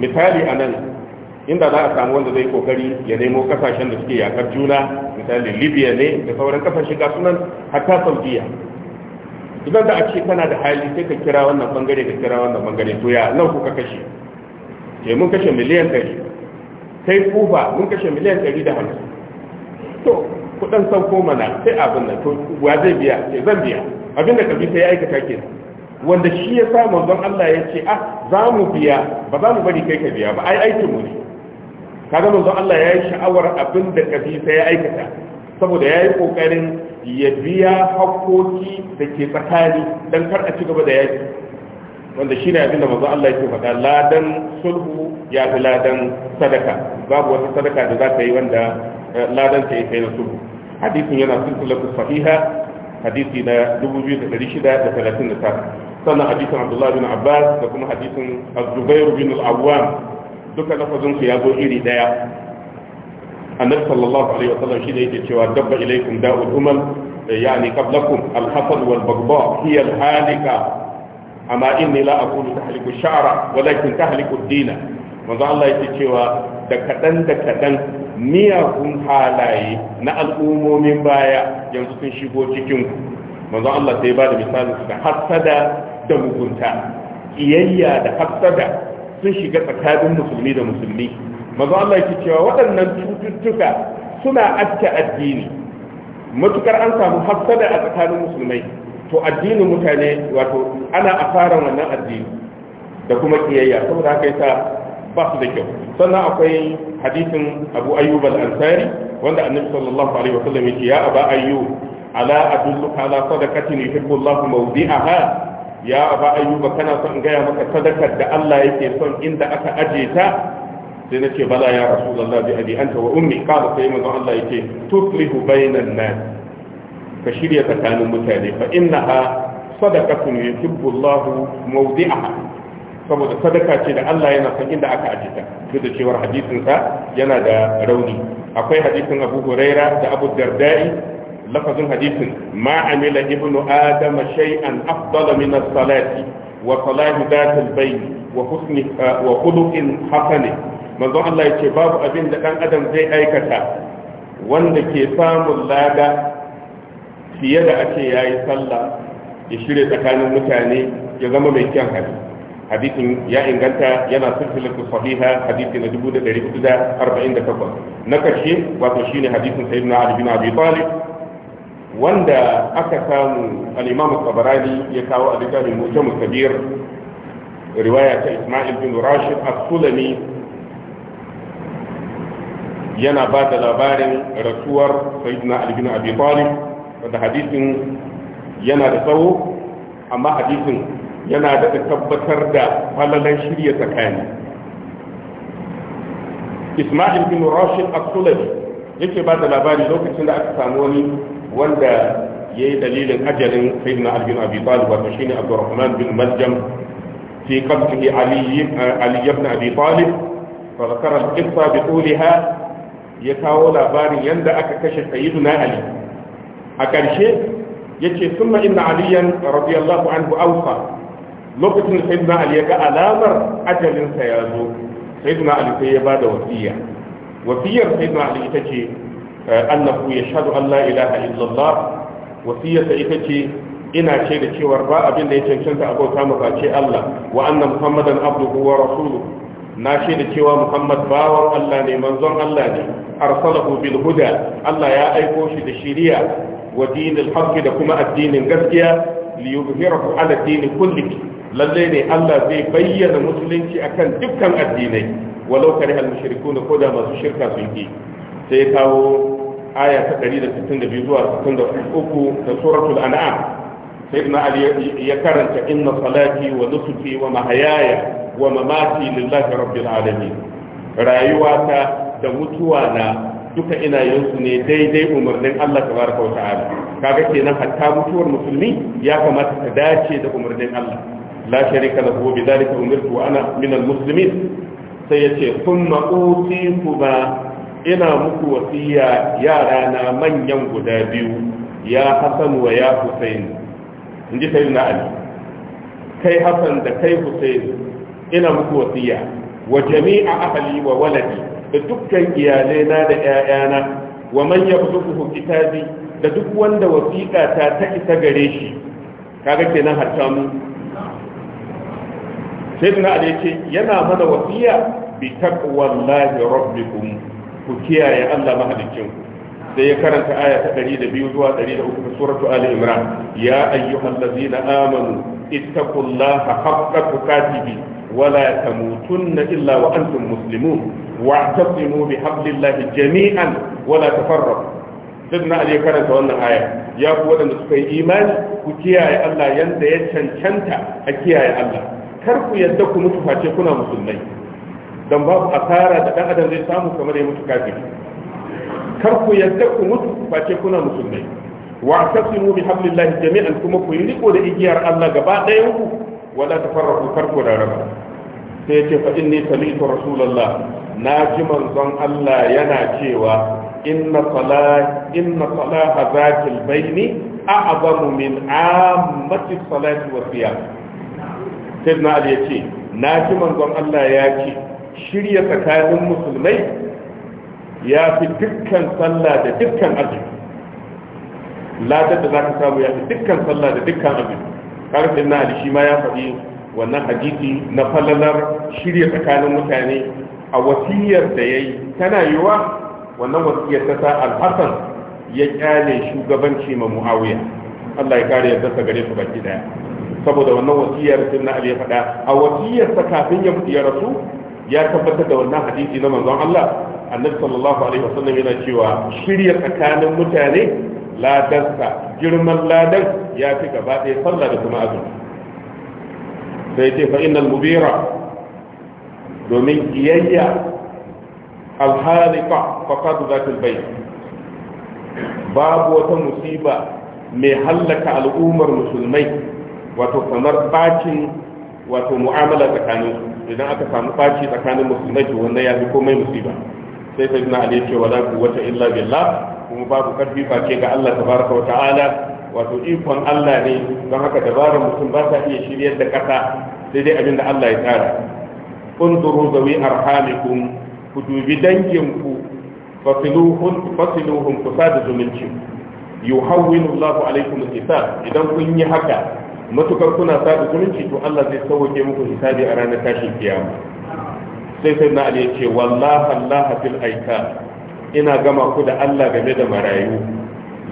misali a nan inda za a samu wanda zai kokari ya nemo kasashen da suke yakar juna misali libya ne da sauran kasashe ga sunan hatta saudiya idan da a ce kana da hali sai ka kira wannan bangare ka kira wannan bangare to ya nan kuka kashe Sai eh, mun kashe miliyan dari. sai kufa mun kashe miliyan da 150 to kudan sauko mana sai abin nan to wa zai biya Sai eh, zan biya abin da kabi sai ya aikata ke wanda shi ya sa manzon Allah ya ce ah za mu biya ba za mu bari kai ka biya ba ai aikin mu ne kaga manzon Allah ya yi sha'awar abin da kabi sai ya aikata saboda ya yi kokarin ya biya hakkoki da ke tsakani don kar a ci gaba da yaki wanda shi ne abinda manzo Allah yake faɗa ladan sulhu ya fi ladan sadaka babu wata sadaka da za ta yi wanda eh, ladan ta yi kai na sulhu hadisin yana silsilatu sahiha hadisi na 2639 sannan hadisin Abdullah bin Abbas da kuma hadisin Az-Zubair bin Al-Awwam duka lafazin su ya zo iri daya annabi sallallahu alaihi wasallam shine yake cewa dabba ilaikum da'ul umal yani qablakum al-hasad wal baghdha hiya al-halika amma inni la aqulu tahliku sha'ra walakin tahliku ad-dina manzo Allah yake cewa da kadan da kadan miyagun halaye na al'ummomin baya yanzu sun shigo cikin ku manzo Allah sai ba da misali da hasada da mugunta Iyayya da hasada sun shiga tsakanin musulmi da musulmi Maza Allah yake cewa waɗannan cututtuka suna aske addini matukar an samu hafsada a tsakanin musulmai to addinin mutane wato ana asaran wannan addini da kuma kiyayya saboda haka yasa ba su da kyau sannan akwai hadisin Abu Ayyub al-Ansari wanda Annabi sallallahu alaihi wasallam yake ya Aba Ayyub ala adulluka ala sadaqatin yuhibbu Allahu mawdi'aha ya Aba Ayyub kana son gaya maka sadakar da Allah yake son inda aka aje ta sai nace bala ya rasulullah bi abi anta wa ummi qala sai manzo Allah yake tuslihu bainan nas ka shirya tsakanin mutane fa innaha sadaqatun yuhibbu Allah mawdi'aha saboda sadaka ce da Allah yana son inda aka ajiye ta duk da cewar hadisin sa yana da rauni akwai hadisin Abu Huraira da Abu Darda'i lafazin hadisin ma amila ibnu adam shay'an afdala min as-salati wa salati dhatil bayn wa husni wa khuluqin manzon Allah ya ce babu abin da ɗan adam zai aikata wanda ke samun lada fiye da ake ya yi sallah ya shirya tsakanin mutane ya zama mai kyan hali Hadithin ya inganta yana silsilatu sahiha hadisi na 1448 na karshe wato shine hadithin sayyidina Ali bin Abi Talib wanda aka samu al-Imam Tabarani ya kawo a littafin Mujam Kabir riwaya ta Isma'il bin Rashid as-Sulami yana ba da labarin rasuwar sayyidina ali bin abi talib wanda hadisin yana da tsawo amma hadisin yana da tabbatar da falalan shirya tsakani ismail bin rashid as-sulabi yake ba da labari lokacin da aka samu wani wanda ya yi dalilin ajalin sayyidina ali bin abi talib wato shine abdurrahman bin maljam fi qabtihi ali ali ibn abi talib فذكر القصة بطولها ya kawo labarin yadda aka kashe na ali a ƙarshe ya ce summa inna aliyan radiyallahu anhu awfa lokacin na ali ya ga alamar ajalinsa ya zo na ali sai ya bada wasiya wasiyar na ali ita ce eh, annahu yashhadu an la ilaha illallah wasiyarsa ita ce ina ce da cewar ba abin da ya cancanta abota mu ce Allah wa anna muhammadan abduhu wa rasuluhu na da cewa muhammad bawan allah ne manzon allah ne arsalahu bil huda allah ya aiko shi da shiriya wa dinil haqqi da kuma addinin gaskiya li yuzhirahu ala dini kulli lalle ne allah zai bayyana musulunci akan dukkan addinai walau kare al mushrikun ko da masu shirka sun yi sai kawo aya ta 162 zuwa 63 ta suratul an'am sayyidina ali ya karanta inna salati wa nusuki wa mahayaya wa mamati lillahi rabbil alamin rayuwata da mutuwa duka ina yanzu ne daidai umarnin Allah tabaraka wa ta'ala kaga kenan hatta mutuwar musulmi ya kamata ta dace da umarnin Allah la sharika lahu bi dhalika umirtu wa ana min muslimin sai yace thumma utiku ba ina muku wasiya yara na manyan guda biyu ya Hassan wa ya Hussein in ji na ali kai hasan da kai husain ina muku wasiya wa jami'a ahli wa waladi da dukkan iyalaina da ƴaƴana wa man yabduhu kitabi da duk wanda wasiƙa ta ta isa gare shi kaga kenan hatta mu na ali ce yana mana wasiya bi taqwallahi rabbikum ku kiyaye Allah mahaliccinku sai ya karanta aya ta 102 zuwa 103 ta suratu ali imran ya ayyuhal ladzina amanu ittaqullaha haqqa tuqatihi ولا تموتن إلا وأنتم مسلمون واعتصموا بحبل الله جميعا ولا تفرقوا سيدنا علي karanta wannan aya ya ku wadanda suka yi imani ku kiyaye Allah yanda ya cancanta a kiyaye Allah kar ku yadda ku mutu face kuna musulmai dan babu asara da dan adam zai samu kamar ya mutu kafiri kar ku yadda ku mutu face kuna musulmai wa tasimu bi hablillahi jami'an kuma ku riko da igiyar Allah gaba ɗaya ku wala tafarraqu kar ku rarraba sai yace fa inni sami'tu rasulullah na ji manzon Allah yana cewa inna salat inna salaha zatil baini a'zamu min ammati salati wa siyam sayyidina ali yace na ji manzon Allah ya ce shirya tsakanin musulmai ya fi dukkan sallah da dukkan aji. ladar da za ka samu ya fi dukkan sallah da dukkan aji. karfin na ali shi ma ya faɗi wannan hadisi na falalar shirya tsakanin mutane a wasiyar da ya yi tana yiwa wannan wasiyar ta sa alhassan ya kyale shugabanci ma muawiya allah ya kare yadda sa gare su baki daya saboda wannan wasiyar sun na ali ya faɗa a sa kafin ya mutu ya rasu ya tabbatar da wannan hadisi na manzon Allah annabi sallallahu alaihi wasallam yana cewa shirya tsakanin mutane Ladarsa, girman ladan ya fi gaba ɗaya sallah da kuma azumi sai ce fa mubira domin kiyayya alhalika faqad zatul bayt babu wata musiba mai hallaka al'ummar musulmai wato kamar bacin wato mu'amala tsakaninsu idan aka samu ɓaci tsakanin musulmai to wannan ya fi komai musiba sai sai na ali cewa la wata illa billah kuma babu karfi face ga Allah tabaraka wa ta'ala wato ikon Allah ne don haka dabarar mutum ba ta iya shiryar da kasa sai dai abin da Allah ya tsara unzuru zawi arhamikum ku dubi danginku fasiluhum fasiluhum ku da zumunci yuhawwinu Allahu alaikum al idan kun yi haka matukar kuna sadu zumunci to Allah zai sauke muku hisabi a ranar tashin kiyama sai sai na ali yace wallahi Allah fil aika ina gama ku da Allah game da marayu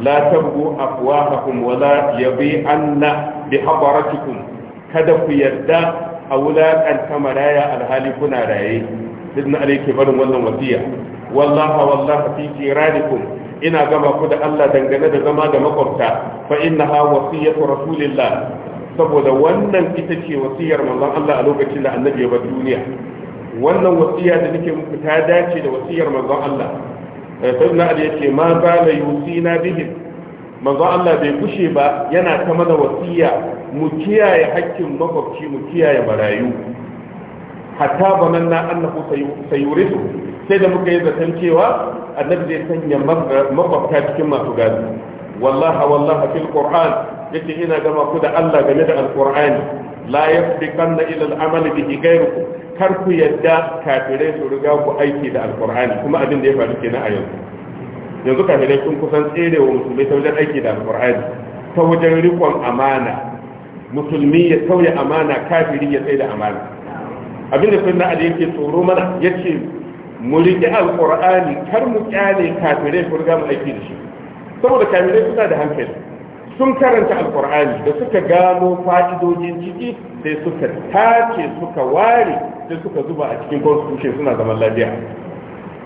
la tabgu afwahakum wala yabi anna bi habaratikum kada ku yarda a wulaƙanta maraya alhali kuna raye sai na ali ke barin wannan wasiya wallaha wallaha fi jiranikum ina gama ku da Allah dangane da zama da makwabta fa innaha wasiyatu rasulillah saboda wannan ita ce wasiyar manzon Allah a lokacin da annabi ya bar duniya wannan wasiya da nake muku ta dace da wasiyar manzon Allah eh, sayyidina Ali yace ma bala yusina bihi manzon Allah bai kushe ba yana ta mana wasiya mu kiyaye hakkin makwabci mu kiyaye barayu hatta bananna annahu sayurisu sai da muka yi zaton cewa annabi zai sanya makwabta cikin masu gadi wallaha wallaha fil qur'an yace ina gama ku da Allah game da alqur'ani la yasbiqanna ila al'amali bihi ghayrukum kar ku yadda kafirai su riga ku aiki da alqur'ani kuma abin da ya faru kenan a yanzu yanzu kafirai sun kusan tsere wa musulmai ta wajen aiki da alqur'ani ta wajen rikon amana musulmi ya sauya amana kafiri ya tsaye da amana abin da sunna ali yake tsoro mana yace mu riƙe alƙur'ani kar mu kyale kafirai ko riga mu aiki da shi saboda kafirai suna da hankali sun karanta alƙur'ani da suka gano fa'idojin ciki sai suka tace suka ware sai suka zuba a cikin constitution suna zaman lafiya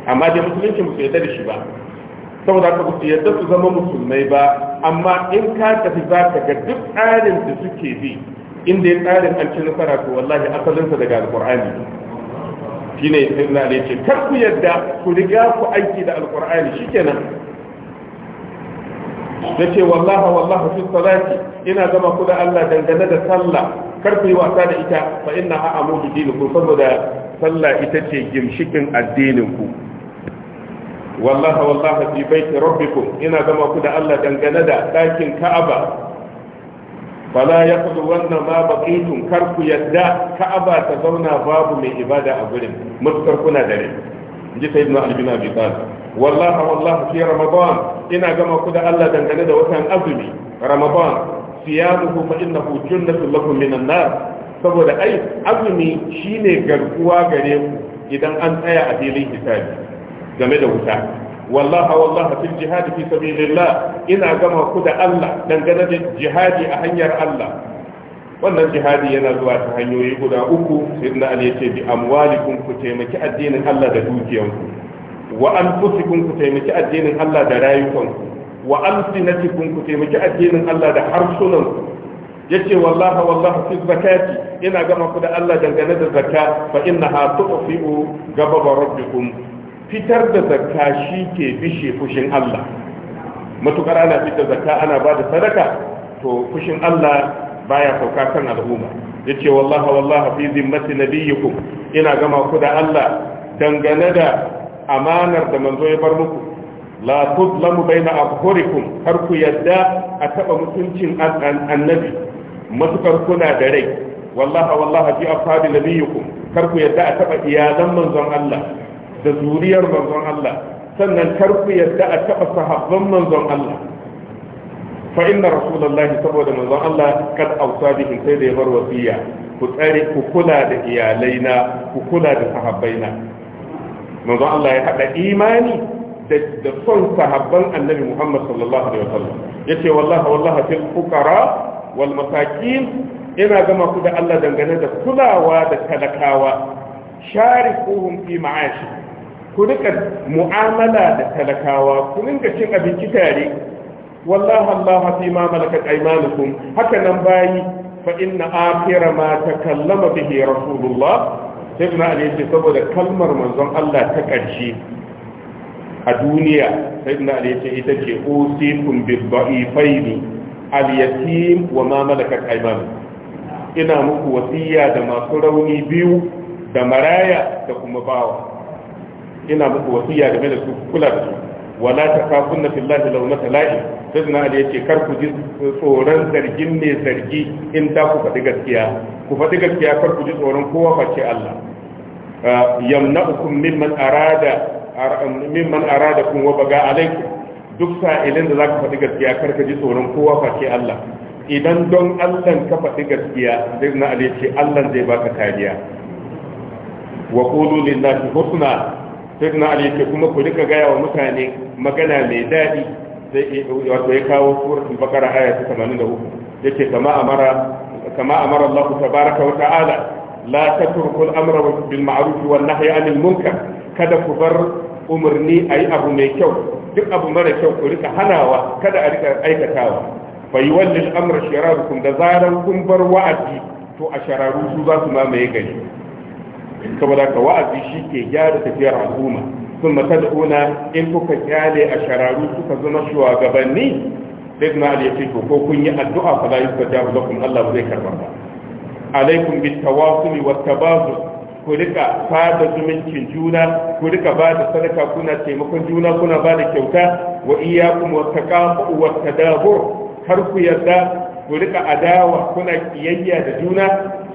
amma dai musulunci musu yadda da shi ba saboda ka ku yadda su zama musulmai ba amma in ka tafi za ka ga duk tsarin da suke bi inda ya tsarin an ci nasara to wallahi asalinsa daga alƙur'ani shine sai na ne ce kar ku yadda ku riga ku aiki da alkur'ani shikenan yace wallaha wallaha fi salati ina gama ku da Allah dangane da sallah kar ku yi wasa da ita fa inna ha amudu dinikum saboda sallah ita ce gimshikin addinin ku wallaha wallahi fi baiti rabbikum ina gama ku da Allah dangane da dakin Ka'aba fala ya kudu wannan ma baƙitun kar ku yadda ka'aba ta zauna babu mai ibada a gurin mutukar kuna dare in ji sayyidina ali abi talib wallahi wallahi fi ramadan ina gama ku da Allah dangane da watan azumi ramadan siyamuhu fa innahu junnatun lakum minan nar saboda ai azumi shine garkuwa gare ku idan an tsaya a filin hisabi game da wuta wallaha wallaha fil jihad fi sabilillah ina gama ku da Allah dangane da jihadi a hanyar Allah wannan jihadi yana zuwa ta hanyoyi guda uku sayyidina ali yace bi amwalikum ku taimaki addinin Allah da dukiyanku wa anfusikum ku taimaki addinin Allah da rayukanku wa alsinatikum ku taimaki addinin Allah da harsunanku yace wallaha wallahi fi zakati ina gama ku da Allah dangane da zakka fa innaha tufi'u gababa rabbikum fitar da zakka shi ke bishe fushin Allah matukar ana fitar zakka ana ba da sadaka to fushin Allah baya sauka kan al'umma yace wallaha wallaha fi zimmati nabiyyikum ina gama ku da Allah dangane da amanar da manzo ya bar muku la tudlamu baina abhurikum har ku yadda a taba mutuncin annabi matukar kuna da rai Wallaha wallaha fi afadi nabiyyikum kar ku yadda a taba iyalan manzon Allah da zuriyar manzon Allah sannan karku yadda a taɓa sahabban manzon Allah fa inna rasulullahi saboda manzon Allah kad ausa bihi sai da ya bar wasiya ku tsare ku kula da iyalaina ku kula da sahabbaina manzon Allah ya hada imani da son sahabban annabi Muhammad sallallahu alaihi wasallam yace wallahi wallahi fil fuqara wal masakin ina gama ku da Allah dangane da kulawa da talakawa sharikuhum fi ma'ashi ku rika mu'amala da talakawa ku rinka cin abinci tare wallahi Allah fi ma malakat aymanukum haka nan bayi fa inna akhira ma takallama bihi rasulullah sai ali yace saboda kalmar manzon Allah ta ƙarshe a duniya sai ali yace ita ce usikum bil dha'ifaini al yatim wa ma malakat aymanukum ina muku wasiya da masu rauni biyu da maraya da kuma bawa ina muku wasiya game da su kula da su wala ta kafunna fillahi launata la'i sayyidina ali yace kar ku ji tsoron zargin mai zargi in ta ku faɗi gaskiya ku faɗi gaskiya kar ku ji tsoron kowa face Allah Yamna ah, yamna'ukum mimman arada mimman kun wa baga alaikum duk sa'ilin da za zaka faɗi gaskiya kar ka ji tsoron kowa face Allah idan don Allah ka faɗi gaskiya zai na ali ce Allah zai baka kariya wa qulu lin-nasi husna sai ali ce kuma ku rika gaya wa mutane magana mai daɗi sai wato ya kawo suratul bakara aya ta 83 yace kama amara kama amara Allah tabaraka wa ta'ala la tatruku amra bil ma'ruf wan nahyi 'anil munkar kada ku bar umarni ayi abu mai kyau duk abu mara kyau ku rika hanawa kada a rika aikatawa fayyuwallil amra shirarukum da zaran kun bar wa'adi to a shararu su za su mamaye gari saboda ka wa'azi shi ke gyara tafiyar al'umma sun matad'una in kuka kyale a shararu suka zama shugabanni sai na ali yace ko kun yi addu'a fa la yustajabu lakum Allah ba zai karba ba alaikum bit tawasul wat tabazul ku rika fada zumuncin juna ku rika ba da sadaka kuna taimakon juna kuna ba da kyauta wa iyyakum wat taqafu wat tadabur har ku yarda ku rika adawa kuna kiyayya da juna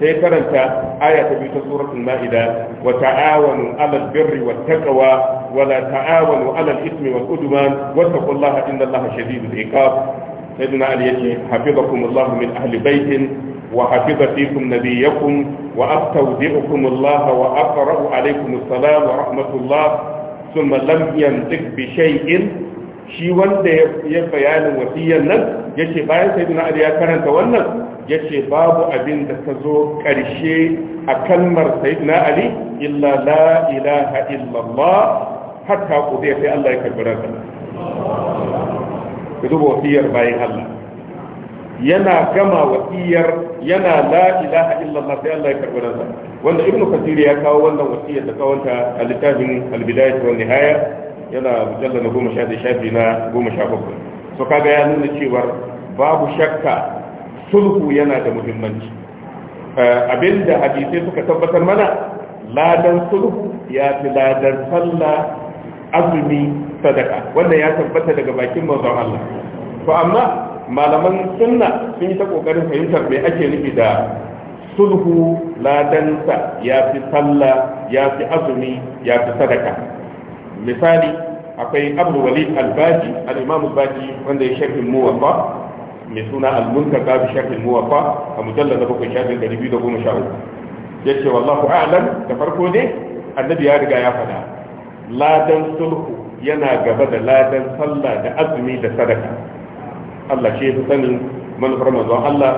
sai karanta aya ta biyu ta suratul maida wa ta'awanu 'alal birri wat taqwa wa la ta'awanu 'alal ithmi wal udwan wattaqullaha innallaha shadidul iqab sayyidina ali yace hafizakumullahu min ahli baitin وحفظ فيكم نبيكم وأستودعكم الله وأقرأ عليكم السلام ورحمة الله ثم لم ينطق بشيء Shi wanda ya bayanin wasiyyar nan yace bayan sayyidina ali ya karanta wannan yace babu abin da ka zo karshe a kalmar sayyidina ali illa la ilaha illallah hatta kudi sai Allah ya karbara ka ka zuba wasiyar bayan Allah yana gama wasiyar yana la ilaha illallah sai Allah ya karbara ka wanda Ibn kathir ya kawo wannan wasiyar da kawanta a littafin al-bidayah wa nihaya yana mujallal na goma sha shafi na goma sha bakwai to kaga ya nuna cewa babu shakka sulhu yana da muhimmanci eh, abinda hadisi suka tabbatar mana ladan sulhu ya fi ladan sallah azumi sadaka wannan ya tabbata daga bakin manzon Allah to amma malaman sunna sun yi ta kokarin fahimtar me ake nufi da sulhu ladansa ya fi sallah ya fi azumi ya fi sadaka misali akwai abu wali albaji al'imam albaji wanda ya sharhin muwafa mai suna almunkar babu sharhin muwafa a mujallar da bakwai shafin ɗari biyu da goma sha uku ya ce wallahu a'lam da farko ne annabi ya riga ya faɗa ladan sulhu yana gaba da ladan sallah da azumi da sadaka Allah shi ya fi sanin manufar manzon Allah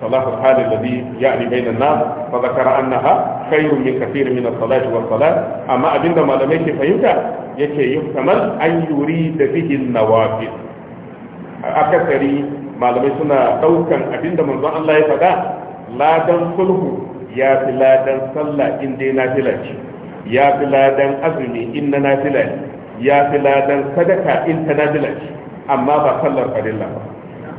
صلاة الحال الذي يعني بين الناس فذكر أنها خير من كثير من الصلاة والصلاة أما أبين ما لم يكن فهمت يكي يحتمل أن يريد به النوافل أكثري ما لم يكن دوكا أبين من ظن الله يفدا لا دنسله يا بلا دنسلا إن دي نافلة يا بلا دن أزمي إن نافلة يا بلا دن صدقة إن تنافلة أما بصلى فلله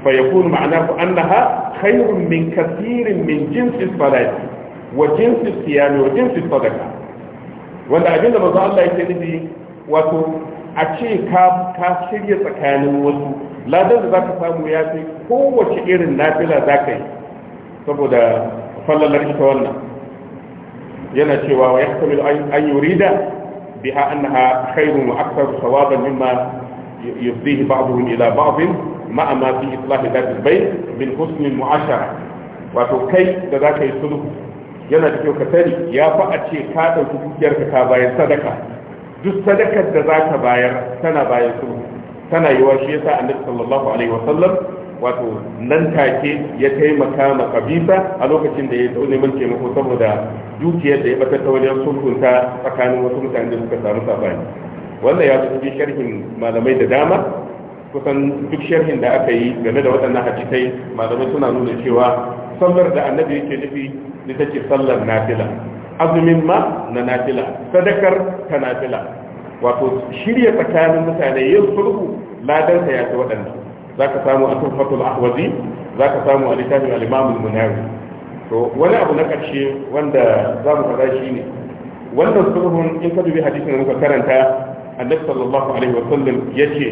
fa yakunu ma'anahu annaha khayrun min kathirin min jinsi salati wa jinsi siyami wa jinsi sadaka wanda abinda manzo Allah yake nufi wato a ce ka shirya tsakanin wasu ladan da zaka samu ya fi kowace irin nafila zaka yi saboda fallalar ita wannan yana cewa wa yahtamil an yurida biha annaha khayrun wa ma'a ma fi islahi dadin bai min husnin mu'ashara wato kai da za ka yi sulhu yana da kyau ka sani ya fi a ce ka ɗauki dukiyarka ka bayan sadaka duk sadakar da za ka bayar tana bayan sulhu tana yiwa shi yasa annabi sallallahu alaihi wasallam wato nan take ya taimaka ma kabisa a lokacin da ya zo neman taimako saboda dukiyar da ya bata ta wajen sulhunta tsakanin wasu mutane da suka samu sabani wannan ya zo cikin sharhin malamai da dama kusan duk sharhin da aka yi game da waɗannan hadisai malamai suna nuna cewa sallar da annabi yake nufi ita ce sallar nafila azumin ma na nafila sadakar ta nafila wato shirya tsakanin mutane yin sulhu ladansa ya ci waɗanda za ka samu a tuhfatul ahwazi za ka samu a littafin al munawi to wani abu na ƙarshe wanda za mu faɗa shine. wannan sulhun in ka dubi hadisin da muka karanta annabi sallallahu alaihi wa wasallam yace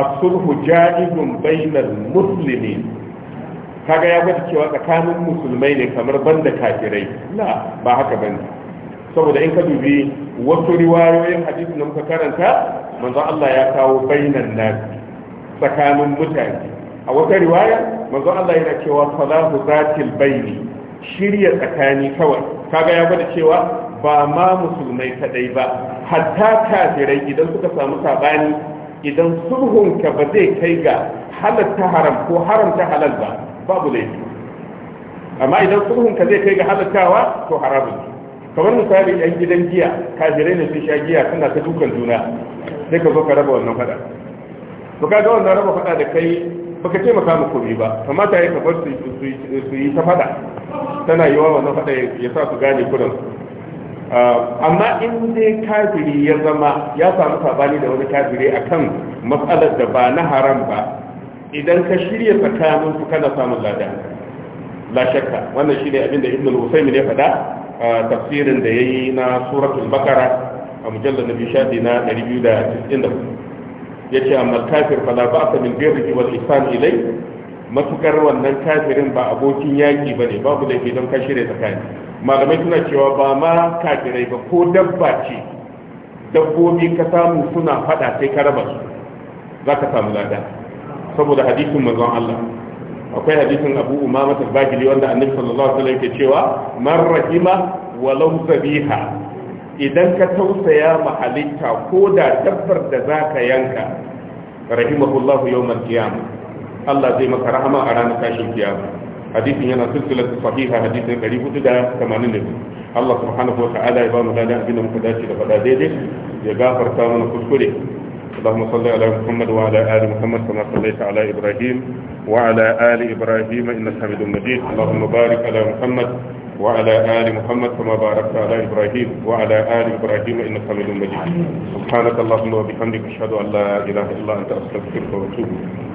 as-sulhu ja'izun bainal muslimin kaga ya gwada cewa tsakanin musulmai ne kamar banda kafirai la ba haka bane saboda in ka dubi wasu riwayoyin hadisin da muka karanta manzo Allah ya kawo bainan nas tsakanin mutane a wata riwaya manzo Allah yana cewa salahu zatil baini shirya tsakani kawai kaga ya gwada cewa ba ma musulmai kadai ba hatta kafirai idan suka samu sabani idan sulhunka ba zai kai ga halatta haram ko haramta halal ba babu laifi amma idan sulhunka zai kai ga halattawa to haramun kamar misali yan gidan giya kafirai ne sun sha giya suna ta dukan juna sai ka zo ka raba wannan fada to kaga wannan raba fada da kai baka ce maka mu komai ba kamata ya kabar su yi ta fada tana wa wannan fada ya sa su gane kuran Ah, amma in dai kafiri ya zama ya samu sabani da wani kafiri a kan matsalar da ba na haram ba idan ka shirya tsakanin su kana samun lada la shakka wannan shine abin da ibnu al-husayn ya fada tafsirin da yayi na suratul baqara a mujallal nabi shadi na 290 yace amma kafir fa la ba'sa min birri wal ihsan ilay matukar wannan kafirin ba abokin yaki bane babu da ke don ka shirya tsakanin malamai suna cewa ba ma kafirai ba ko dabba ce dabbobi ka samu suna fada sai ka raba su za ka samu lada saboda hadisin mazan Allah akwai hadisin Abu Umama al-Bajili wanda Annabi sallallahu alaihi wasallam yake cewa man rahima walau sabiha idan ka tausaya ma halitta ko da dabbar da zaka yanka rahimahullahu yawmal qiyamah Allah zai maka rahama a ranar tashin kiyama hadisin yana silsilar sahiha hadisin 482 Allah subhanahu wa ta'ala ya ba mu ladan abin da muka dace da fada daidai ya gafarta mana kuskure اللهم صل على محمد وعلى ال محمد كما صليت على ابراهيم وعلى ال ابراهيم انك حميد مجيد اللهم بارك على محمد وعلى ال محمد كما باركت على ابراهيم وعلى ال ابراهيم انك حميد مجيد سبحانك اللهم وبحمدك اشهد ان لا اله الا انت استغفرك واتوب اليك